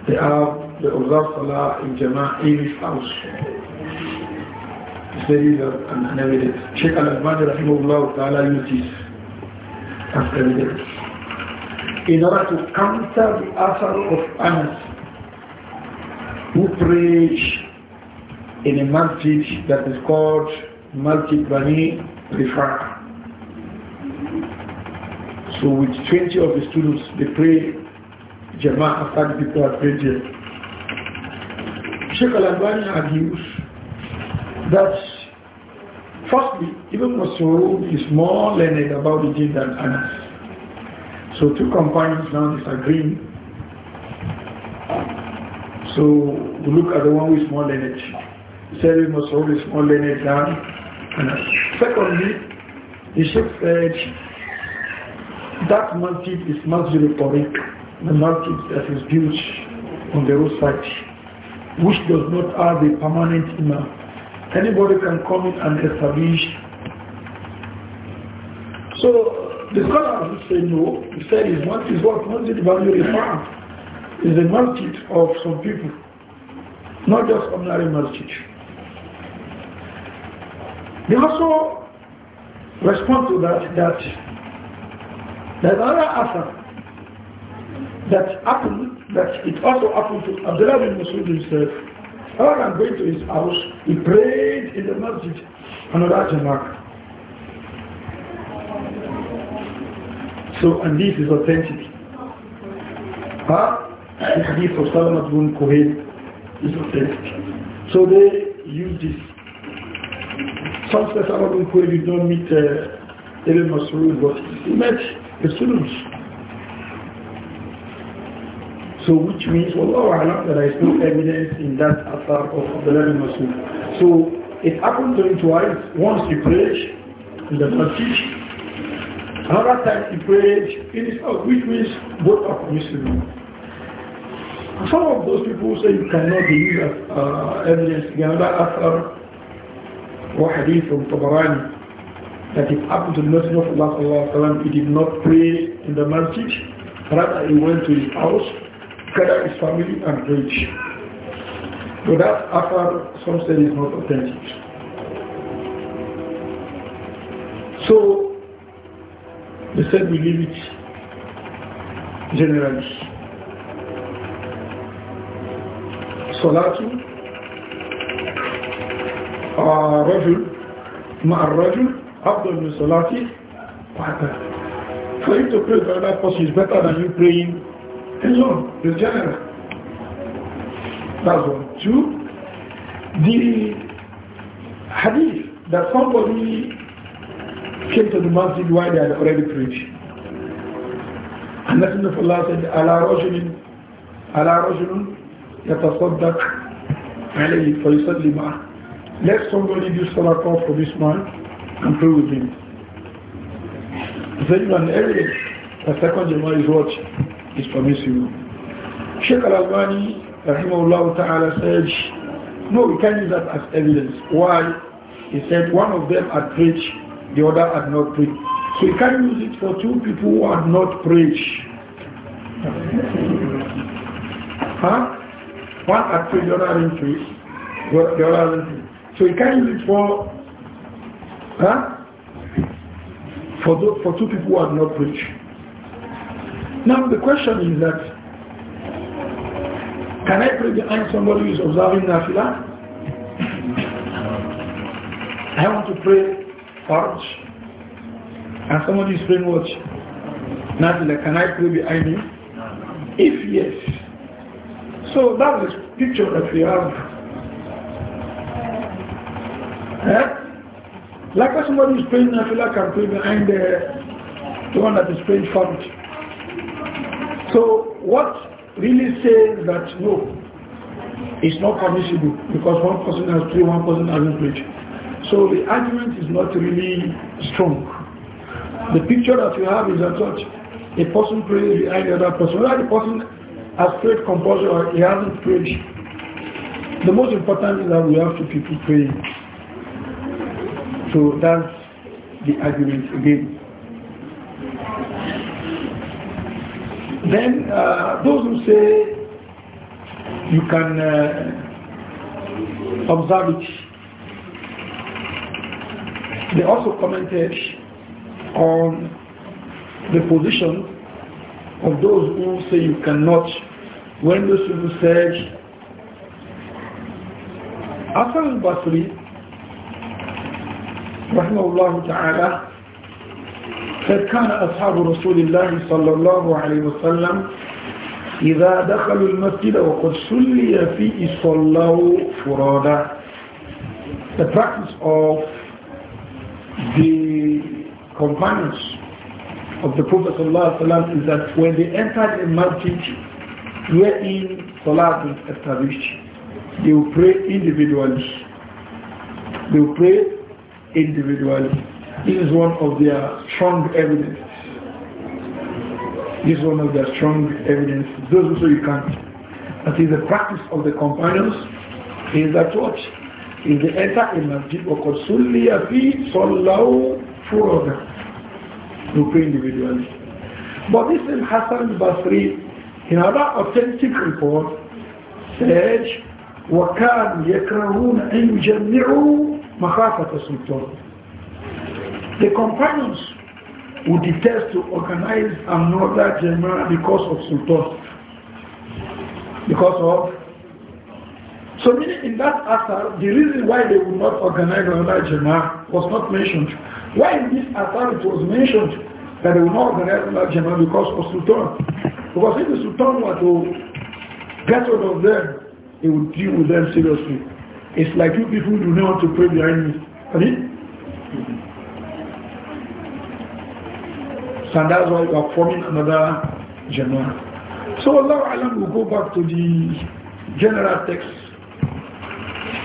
They have, they observe Salah in Jama'ah in his house very and an evidence. Sheikh Al-Albani rahimahullah ta'ala used this as evidence in order to counter the asar of Anas, who preached in a masjid that is called Masjid Bani Rifaq. So with 20 of the students, they pray Jama'ah after the people are prayed here. Sheikh Al-Albani argues that firstly, even Masood is more learned about the deen than Anas. So two companions now disagree. So we look at the one with more lineage. Said must always more energy than And Secondly, the Sheikh edge that masjid is Masjid tariq the masjid that is built on the roadside, which does not have a permanent imam. Anybody can come in and establish. So the scholars say no. He said his masjid is what masjid value is found. Is a masjid of some people, not just ordinary masjid. They also respond to that that there's another answer that happened that it also happened to Abdullah bin Masud himself. Rather than going to his house, he prayed in the masjid another Jamaica. So, and this is authentic. Huh? The hadith of Salamat bin Kuhayl is authentic. So they use this. Some say Salamat bin Kuhayl did not meet uh, Ibn Masrud, but he met the students. So which means, Wallahu Alam, there is no evidence in that affair of Abdullah bin Masrud. So it happened to him twice. Once he preached in the masjid, Another time he prayed, in his house, which means both of Muslims. Some of those people say you cannot believe uh, evidence. The author or hadith from Tabarani that it happened to the Messenger of Allah sallallahu alayhi he did not pray in the masjid, rather he went to his house, gathered his family and prayed. So that after some say is not authentic. So they said we leave it generally. Salatu رجل مع الرجل أفضل من صلاتي وحده For you to pray for that person is better than you praying alone. the general. That's one. Two, the hadith that somebody came to the masjid while they had already preached. And Messenger of Allah said, Allah Rajulun, Allah Rajulun, Yatasaddaq, alayhi fayusalli ma'ah. Let somebody do salah call for this man and pray with him. Then one evidence the second jama is what is permissible. Sheikh Al-Albani, rahimahullah ta'ala, said, no, we can't use that as evidence. Why? He said one of them had preached the other had not preached, So you can't use it for two people who had not preached, huh? One had prayed, the other hadn't prayed. The other hadn't So you can't use it for huh? for, those, for two people who had not preached. Now the question is that can I pray behind somebody who is observing Nafila? I want to pray Farj. And somebody is praying what? like can I pray behind you? If yes. So that is picture that we have. Eh? Like Like somebody is praying Nafila can pray behind the, the one that is praying it. So what really says that no, it's not permissible because one person has three, one person hasn't preached. So the argument is not really strong. The picture that you have is that such a person prays behind the other person. Whether the person has prayed compulsory or he hasn't prayed, the most important is that we have two people praying. So that's the argument again. Then uh, those who say you can uh, observe it they also commented on the position of those who say you cannot. When those who said, Hassan al-Basri, rahimahullah ta'ala, said, كان أصحاب رسول الله صلى الله عليه وسلم إذا دخلوا المسجد وقد سلي فيه صلوا فرادا. The practice of the companions of the Prophet ﷺ is that when they entered a masjid wherein Salah was established, they will pray individually. They will pray individually. This is one of their strong evidence. This is one of their strong evidence. Those also you can't. That is the practice of the companions is that what? If they enter a masjid, وَقَدْ سُلِّيَ فِي صَلَّوْا فُرَدًا You pray individually. But this is Hassan al-Basri, in another authentic report, said, وَكَانْ يَكْرَهُونَ أَنْ يُجَمِّعُوا مَخَافَةَ السُّلْطَانِ The companions would detest to organize another general because of Sultan, because of so meaning in that asar, the reason why they would not organize another Jama'ah was not mentioned. Why in this asar it was mentioned that they would not organize another Jama'ah because of Sultan. Because if the Sultan were to get rid of them, he would deal with them seriously. It's like you people do not want to pray behind me. I mean, and that's why we are forming another Jama'ah. So Allah Alam will go back to the general text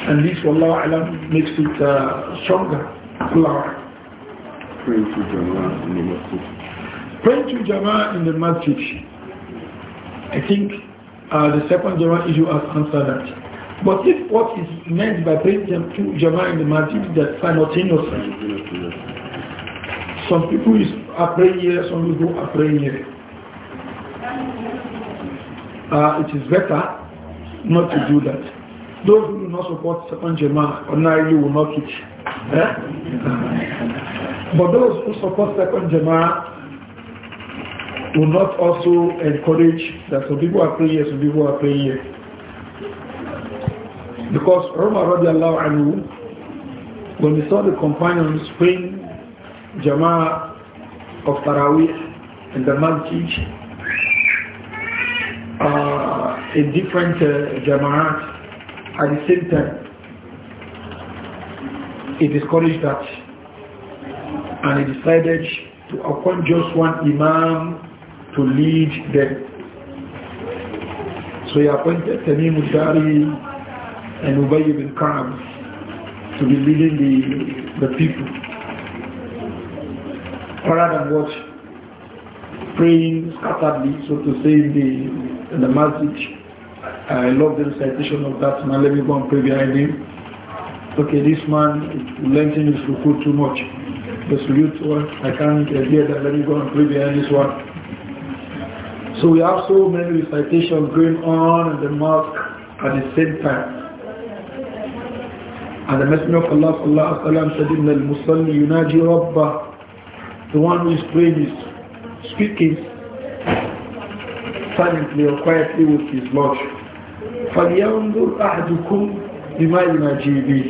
and this, Allah Alam, makes it uh, stronger. Allah. Praying to Jama'ah in the masjid. Praying to Jama'ah in the masjid. I think uh, the second general issue has answered that. But if what is meant by praying to Jama'ah in the masjid is that simultaneously, some people is, are praying here, some people are praying here. Uh, it is better not to do that. Those who do not support second Jemaah will not teach. Eh? But those who support second Jemaah will not also encourage that some people are praying here, some people are praying here. Because Umar radiallahu anhu, when he saw the companions praying Jamaah of Taraweeh in the masjid, uh, a different uh, Jama'at, at the same time, he discouraged that and he decided to appoint just one imam to lead them. So he appointed Tamim al and Ubay ibn Ka'ab to be leading the, the people. Rather than what? Praying scatteredly, so to say, in the, in the message. I love the recitation of that man. Let me go and pray behind him. Okay, this man lengthening his food too much. The salute, one, I can't uh, hear that. Let me go and pray behind this one. So we have so many recitations going on in the mosque at the same time. And the Messenger of Allah sallallahu Allah, wa said, إِنَّ الْمُصَلِّ يُنَاجِي The one who is praying is speaking silently or quietly with his Lord. فَلْيَنْظُرْ أَحْدُكُمْ بِمَا يُنَاجِي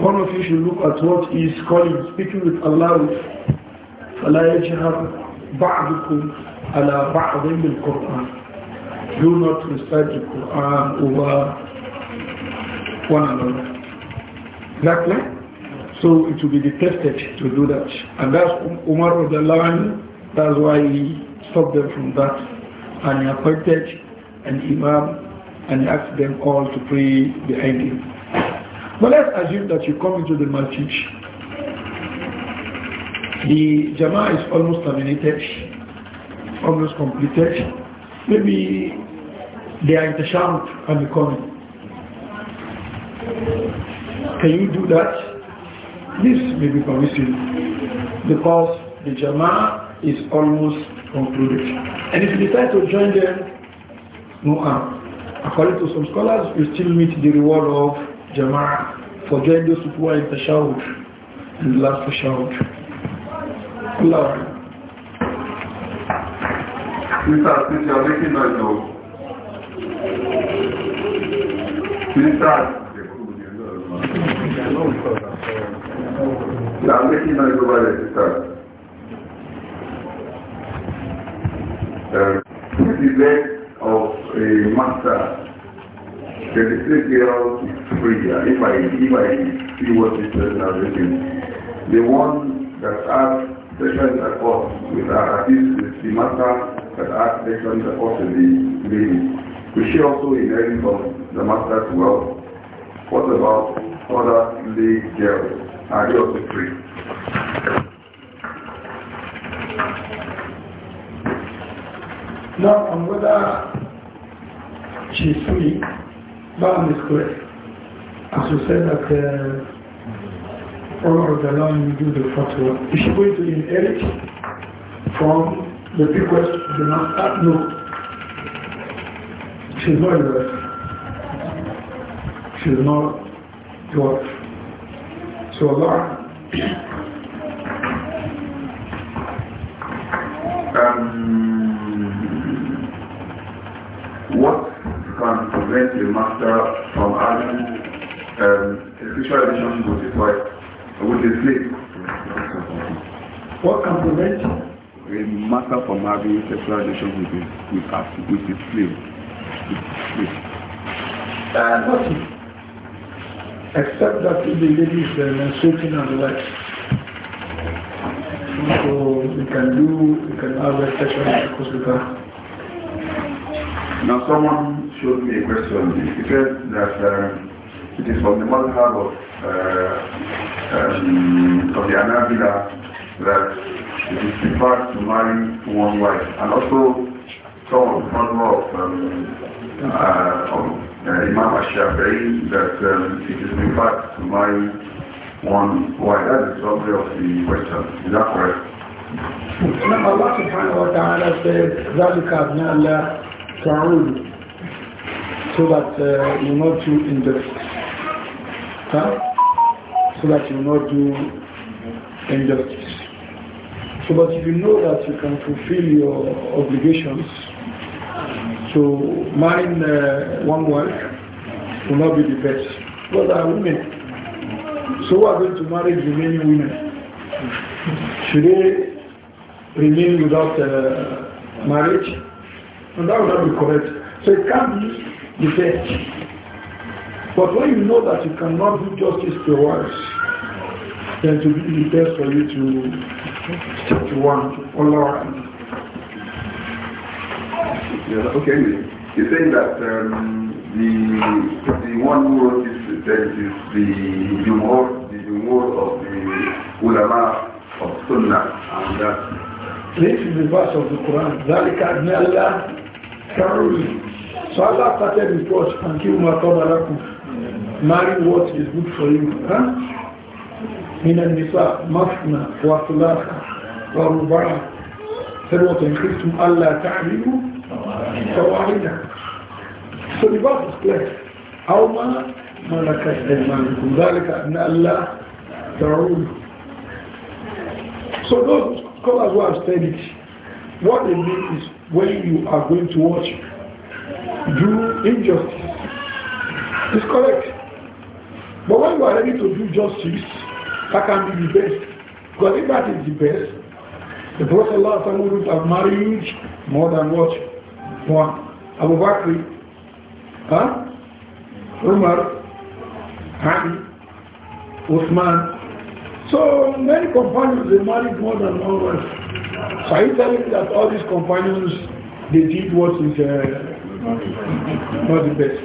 One of you should look at what he is calling, speaking with Allah. فَلَا يَجْهَرْ بَعْدُكُمْ عَلَى بَعْضٍ بِالْقُرْآنِ Do not recite the Quran over one another. Exactly. So it will be detested to do that. And that's Umar of the line, that's why he stopped them from that. And he appointed an imam and ask them all to pray behind him. But let's assume that you come into the masjid. The Jama'ah is almost terminated, almost completed. Maybe they are in the sham and the coming. Can you do that? This may be permissible because the Jama'ah is almost concluded. And if you decide to join them, no harm. According to some scholars, you still meet the reward of Jama'ah for joining those who are in Tashawud and the last Tashawud. Allah. Mr. Smith, you are making noise though. Mr. You are making noise over there, sister. Uh, this is say, Master, the is a girl is free. If I, if I see what she says and everything, the one that asked sessions across with our this is the master that asked sessions across with the lady. Is she also in inherit from the master's wealth? What about other lay girls? Are they also free? Now, on whether chez Souli, بعض السؤال أخصوصا all of the law you do the fatwa is going to inherit from the bequest of the master? No. She's not a wife. She's not a wife. So Allah um, plans to make a master from having um, a sexual relationship with his wife, with his slave? What can prevent a master from having a sexual relationship with his, with, with his slave? With his slave. nothing. Except that the lady is uh, menstruating and the wife. So we can do, we can have a sexual intercourse with her. Now someone showed me a question. He said that um, it is from the mother of, uh, um, of the Anabila that it is preferred to marry one wife. And also some of the father of, um, uh, uh, Imam ash that um, it is preferred to marry one wife. That is the of the question. Is that correct? Now Allah subhanahu wa ta'ala said, ذَلِكَ أَبْنَى اللَّهِ so that uh, you not do injustice. Huh? So that you not do injustice. So, but if you know that you can fulfill your obligations, so marry uh, one wife will not be the best. But are women. So who are going to marry the many women? Should they remain without uh, marriage? And that would not be correct. So it can't be defect. But when you know that you cannot do justice to us, then to be best for you to stick to one or lower. Yeah, okay. You're saying that um, the the one who wrote this defense is the humor, the humor of the ulama of Sunnah, and that. This is the verse of the Quran. ذلك أدنى الله تعالى So Allah started with what? And give my tabarakum. Marry what is good for you. Huh? من النساء مثنى وثلاثة ورباع ثروة إن خفتم ألا تعلموا فواحدة. So the verse is clear. أو ما ملكت أيمانكم ذلك أن Allah تعود. So those scholars who have studied, what they mean is when you are going to watch do injustice. It's correct. But when you are ready to do justice, that can be the best. Because if that is the best, the Prophet Allah would have married more than what? One. Abu Bakr, huh? Umar, Ali, Uthman. So many companions, they married more than one wife. So are you telling me that all these companions, they did what is uh, not the best.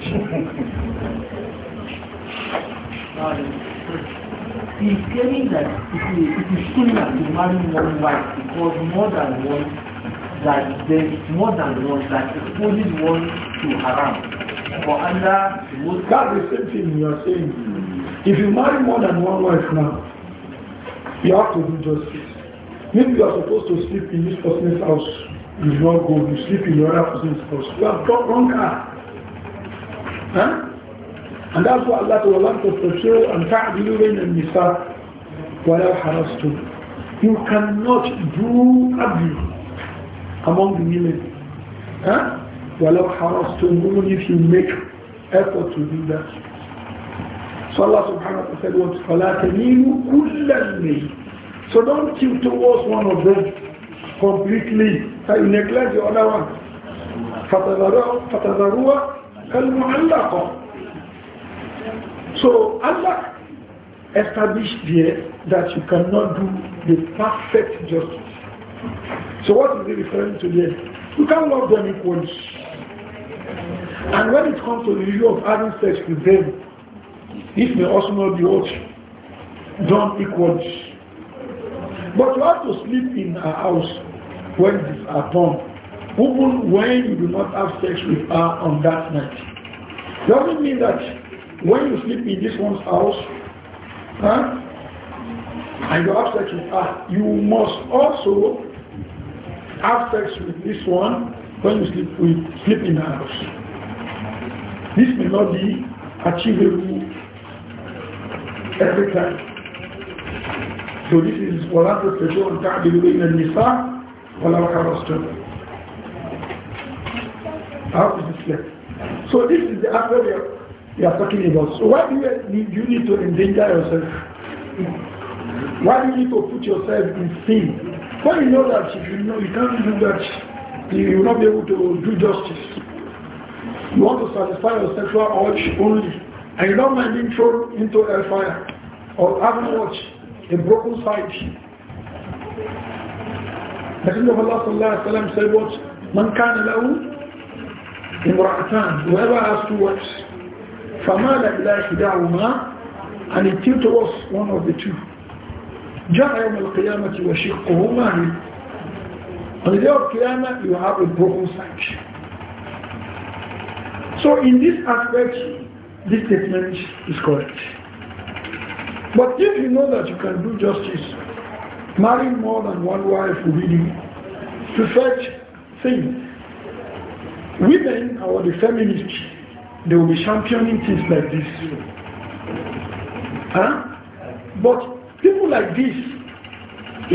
He's claiming that it is sooner to marry one wife because more than one that there is more than one that exposes one to haram. For under most God is thing you are saying. If you marry more than one wife now, you have to do justice. Maybe you are supposed to sleep in this person's house is not go. You sleep in your other person's house. You have got wrong car, Huh? And that's why Allah to Allah to pursue and ta'adilu in and nisa wala harastu. You cannot do abuse among the women. Huh? Wala harastu even if you make effort to do that. So Allah subhanahu wa ta'ala said, وَلَا تَمِيلُ كُلَّ So don't tilt towards one of them. completely so you neglect the other one fatadaruwa kalmu'allaqa so Allah established there that you cannot do the perfect justice so what is he referring to there you can't love them equally and when it comes to the issue of having sex with them it may also not be what done equally but you have to sleep in a house when it is her turn, even when you do not have sex with her on that night. Doesn't mean that when you sleep in this one's house, huh, and you have sex with her, you must also have sex with this one when you sleep with sleep in her house. This may not be achievable every time. So this is Walata Session Ta'adil Bain the nisa Wallahu How is this left? So this is the answer we are, talking about. So why do you, you need to endanger yourself? Why do you need to put yourself in sin? Why you know that you know you can't do that, you will not be able to do justice. You want to satisfy your sexual urge only, and you don't mind being thrown into hellfire or having watch a broken side. Messenger of Allah وسلم, said what? Man kana lahu imra'atan. Whoever has two wives. فَمَالَ إِلَىٰ إِحْدَاهُمَا And he tilted us one of the two. جَاءَ يَوْمَ الْقِيَامَةِ وَشِقُّهُمَا On the day of Qiyamah, you have a broken side. So in this aspect, this statement is correct. But if you know that you can do justice Marrying more than one wife will be to such things. Women our the feminists, they will be championing things like this. Huh? But people like this,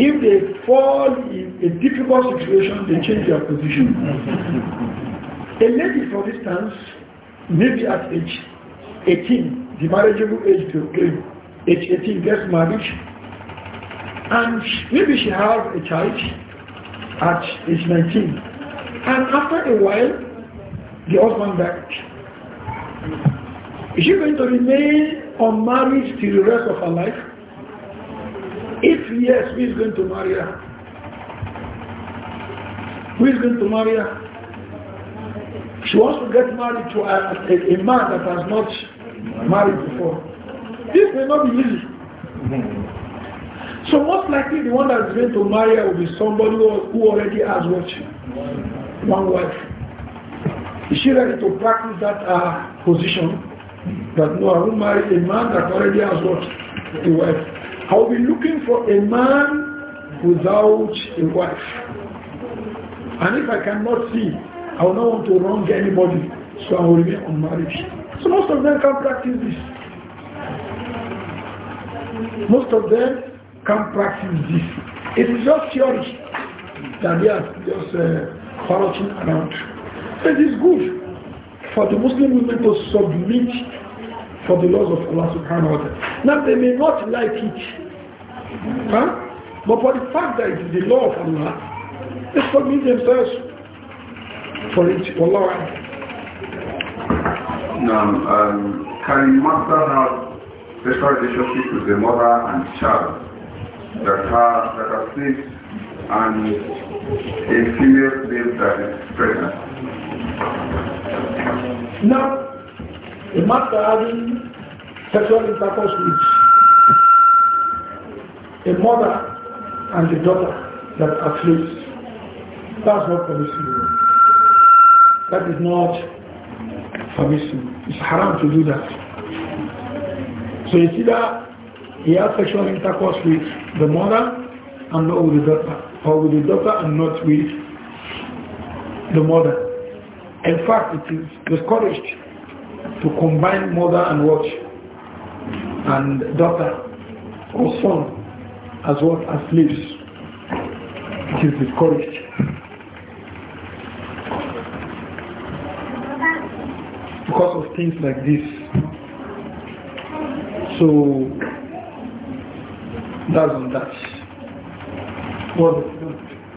if they fall in a difficult situation, they change their position. a lady, for instance, maybe at age 18, the marriageable age to age 18 gets married, and maybe she has a child at age 19. And after a while, the husband died. Is she going to remain unmarried till the rest of her life? If yes, who is going to marry her? Who is going to marry her? She wants to get married to a, a, a man that has not married before. This may not be easy. So most likely the one that's going to marry will be somebody who already has what? One wife. Is she ready to practice that uh, position? That no, I will marry a man that already has what? A wife. I will be looking for a man without a wife. And if I cannot see, I will not want to wrong anybody, so I will remain unmarried. So most of them can practice this. Most of them Come practice this. It is just theory that they are just uh, foraging around. it is good for the Muslim women to submit for the laws of Allah subhanahu wa ta'ala. Now they may not like it, huh? but for the fact that it is the law of Allah, they submit themselves for it. Allah. Now, um, can mother have special relationship with the mother and child that are, that are sick and a female slave that is pregnant. Now, a mother having sexual intercourse with a mother and a daughter that are slaves, that's not permissible. That is not permissible. It's haram to do that. So you see that he has sexual intercourse with the mother and not with the daughter, or with the daughter and not with the mother. In fact, it is discouraged to combine mother and what? And daughter or son as what as slaves. It is discouraged. Because of things like this. So that's on that. Pregnant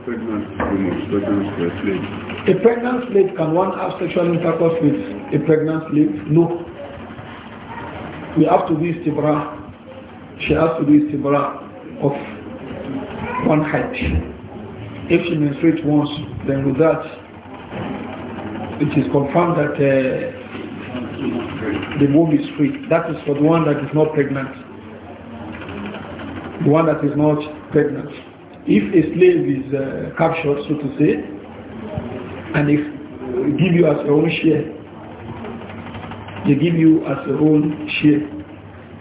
woman, pregnant slave. A pregnant slave, can one have sexual intercourse with a pregnant slave? No. We have to do istibra. She has to do istibra of one height. If she menstruates once, then with that, it is confirmed that uh, the womb is free. That is for the one that is not pregnant one that is not pregnant. If a slave is uh, captured, so to say, and if uh, give you as your own share, they give you as your own share.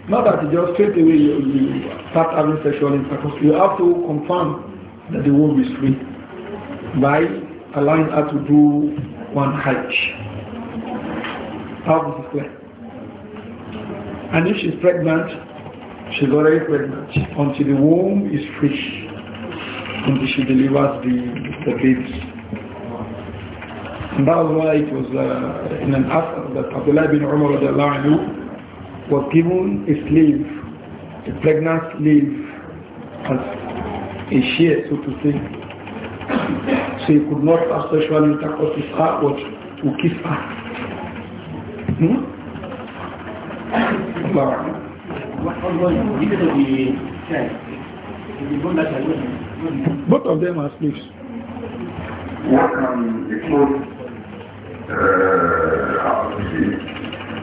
Not that you just straight away you, you start having sexual intercourse. You have to confirm that the womb is free by allowing her to do one hajj. How this is clear. And if she's pregnant, she got very pregnant until the womb is free, until she delivers the, the baby. And that was why it was uh, in an after that Abdullah bin Umar was given a slave, a pregnant slave, as a share, so to say. So he could not have sexual intercourse with her, but to kiss her. Hmm? Both of them are slaves. What can the court uh,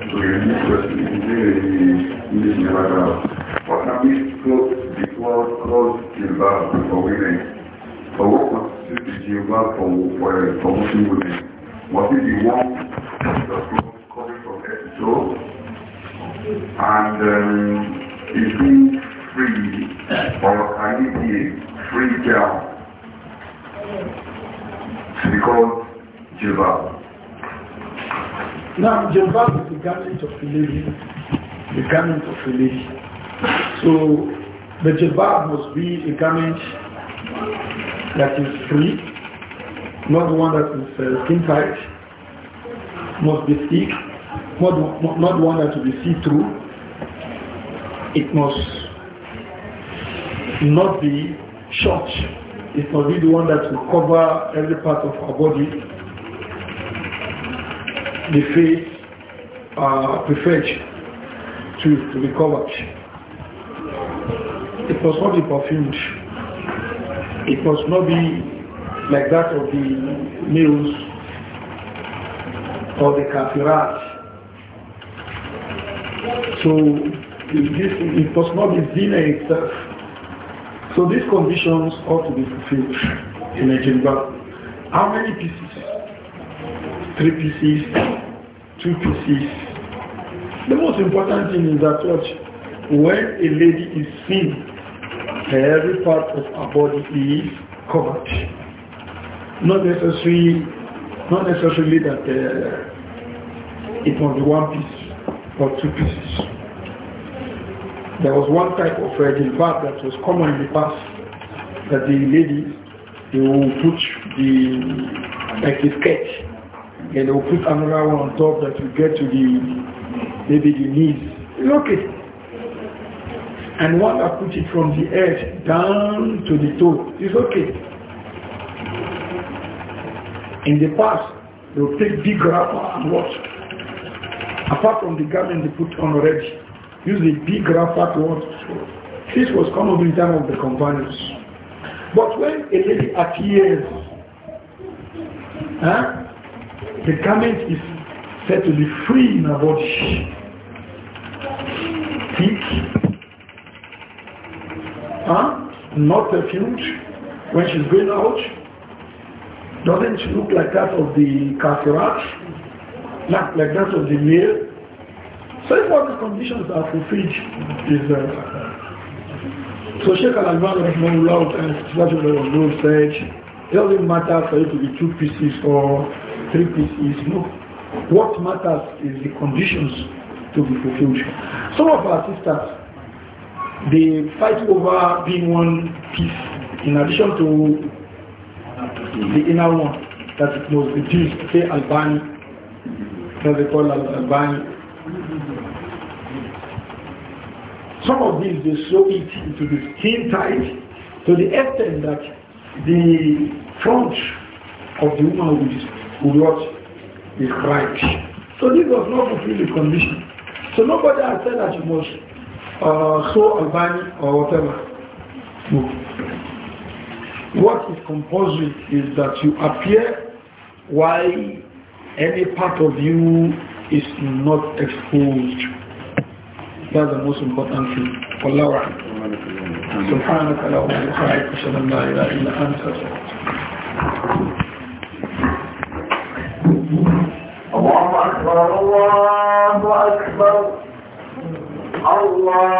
to release person the English Nevada? What can we quote before called Jilbab for women? but what constitutes Jilbab for, for, for Muslim women? Was it the one that was coming from Episode? and um, is being free or I it free down? It's because Jilbab. Now, Jilbab is the garment of religion. The garment of religion. So, the Jilbab must be a garment that is free, not one that is uh, skin tight, must be thick, not, not, not one that will be see-through. It must not be short. It must be the one that will cover every part of our body. The face uh, preferred to, to be covered. It must not be perfumed. It must not be like that of the males or the kafirat so this, it must not be zina itself. So these conditions ought to be fulfilled in a jilbab. How many pieces? Three pieces, two pieces. The most important thing is that what, when a lady is seen, every part of her body is covered. Not necessarily, not necessarily that uh, it must be one piece or two pieces. There was one type of wedding jilbab that was common in the past that the ladies they will put the like the and they will put another one on top that will get to the maybe the knees. It's okay. And one that put it from the edge down to the toe. It's okay. In the past, they will take big wrapper and watch apart from the garment they put on already, use a big wrapper to This was common in time of the companions. But when a lady appears, huh, the garment is said to be free in her body. Thick, huh? not perfumed when she's going out. Doesn't look like that of the kafirat now, like that of the male. So if all the conditions are fulfilled, is uh, so Sheikh Al-Alban Rahmanullah said, it doesn't matter for you to be two pieces or three pieces, no. What matters is the conditions to be fulfilled. Some of our sisters, they fight over being one piece in addition to the inner one, that it must be this, say Albani, they call Al-Albani. Some of these, they sew it into the skin tight to the extent that the front of the woman whos will what is right. So this was not fulfill the condition. So nobody has said that you must uh, sew Albani or whatever. No. What is compulsory is that you appear while any part of you is not exposed. That's the most important thing. for a'lam. سبحانك wa وبحمدك اشهد ان لا اله الا الله اكبر الله اكبر الله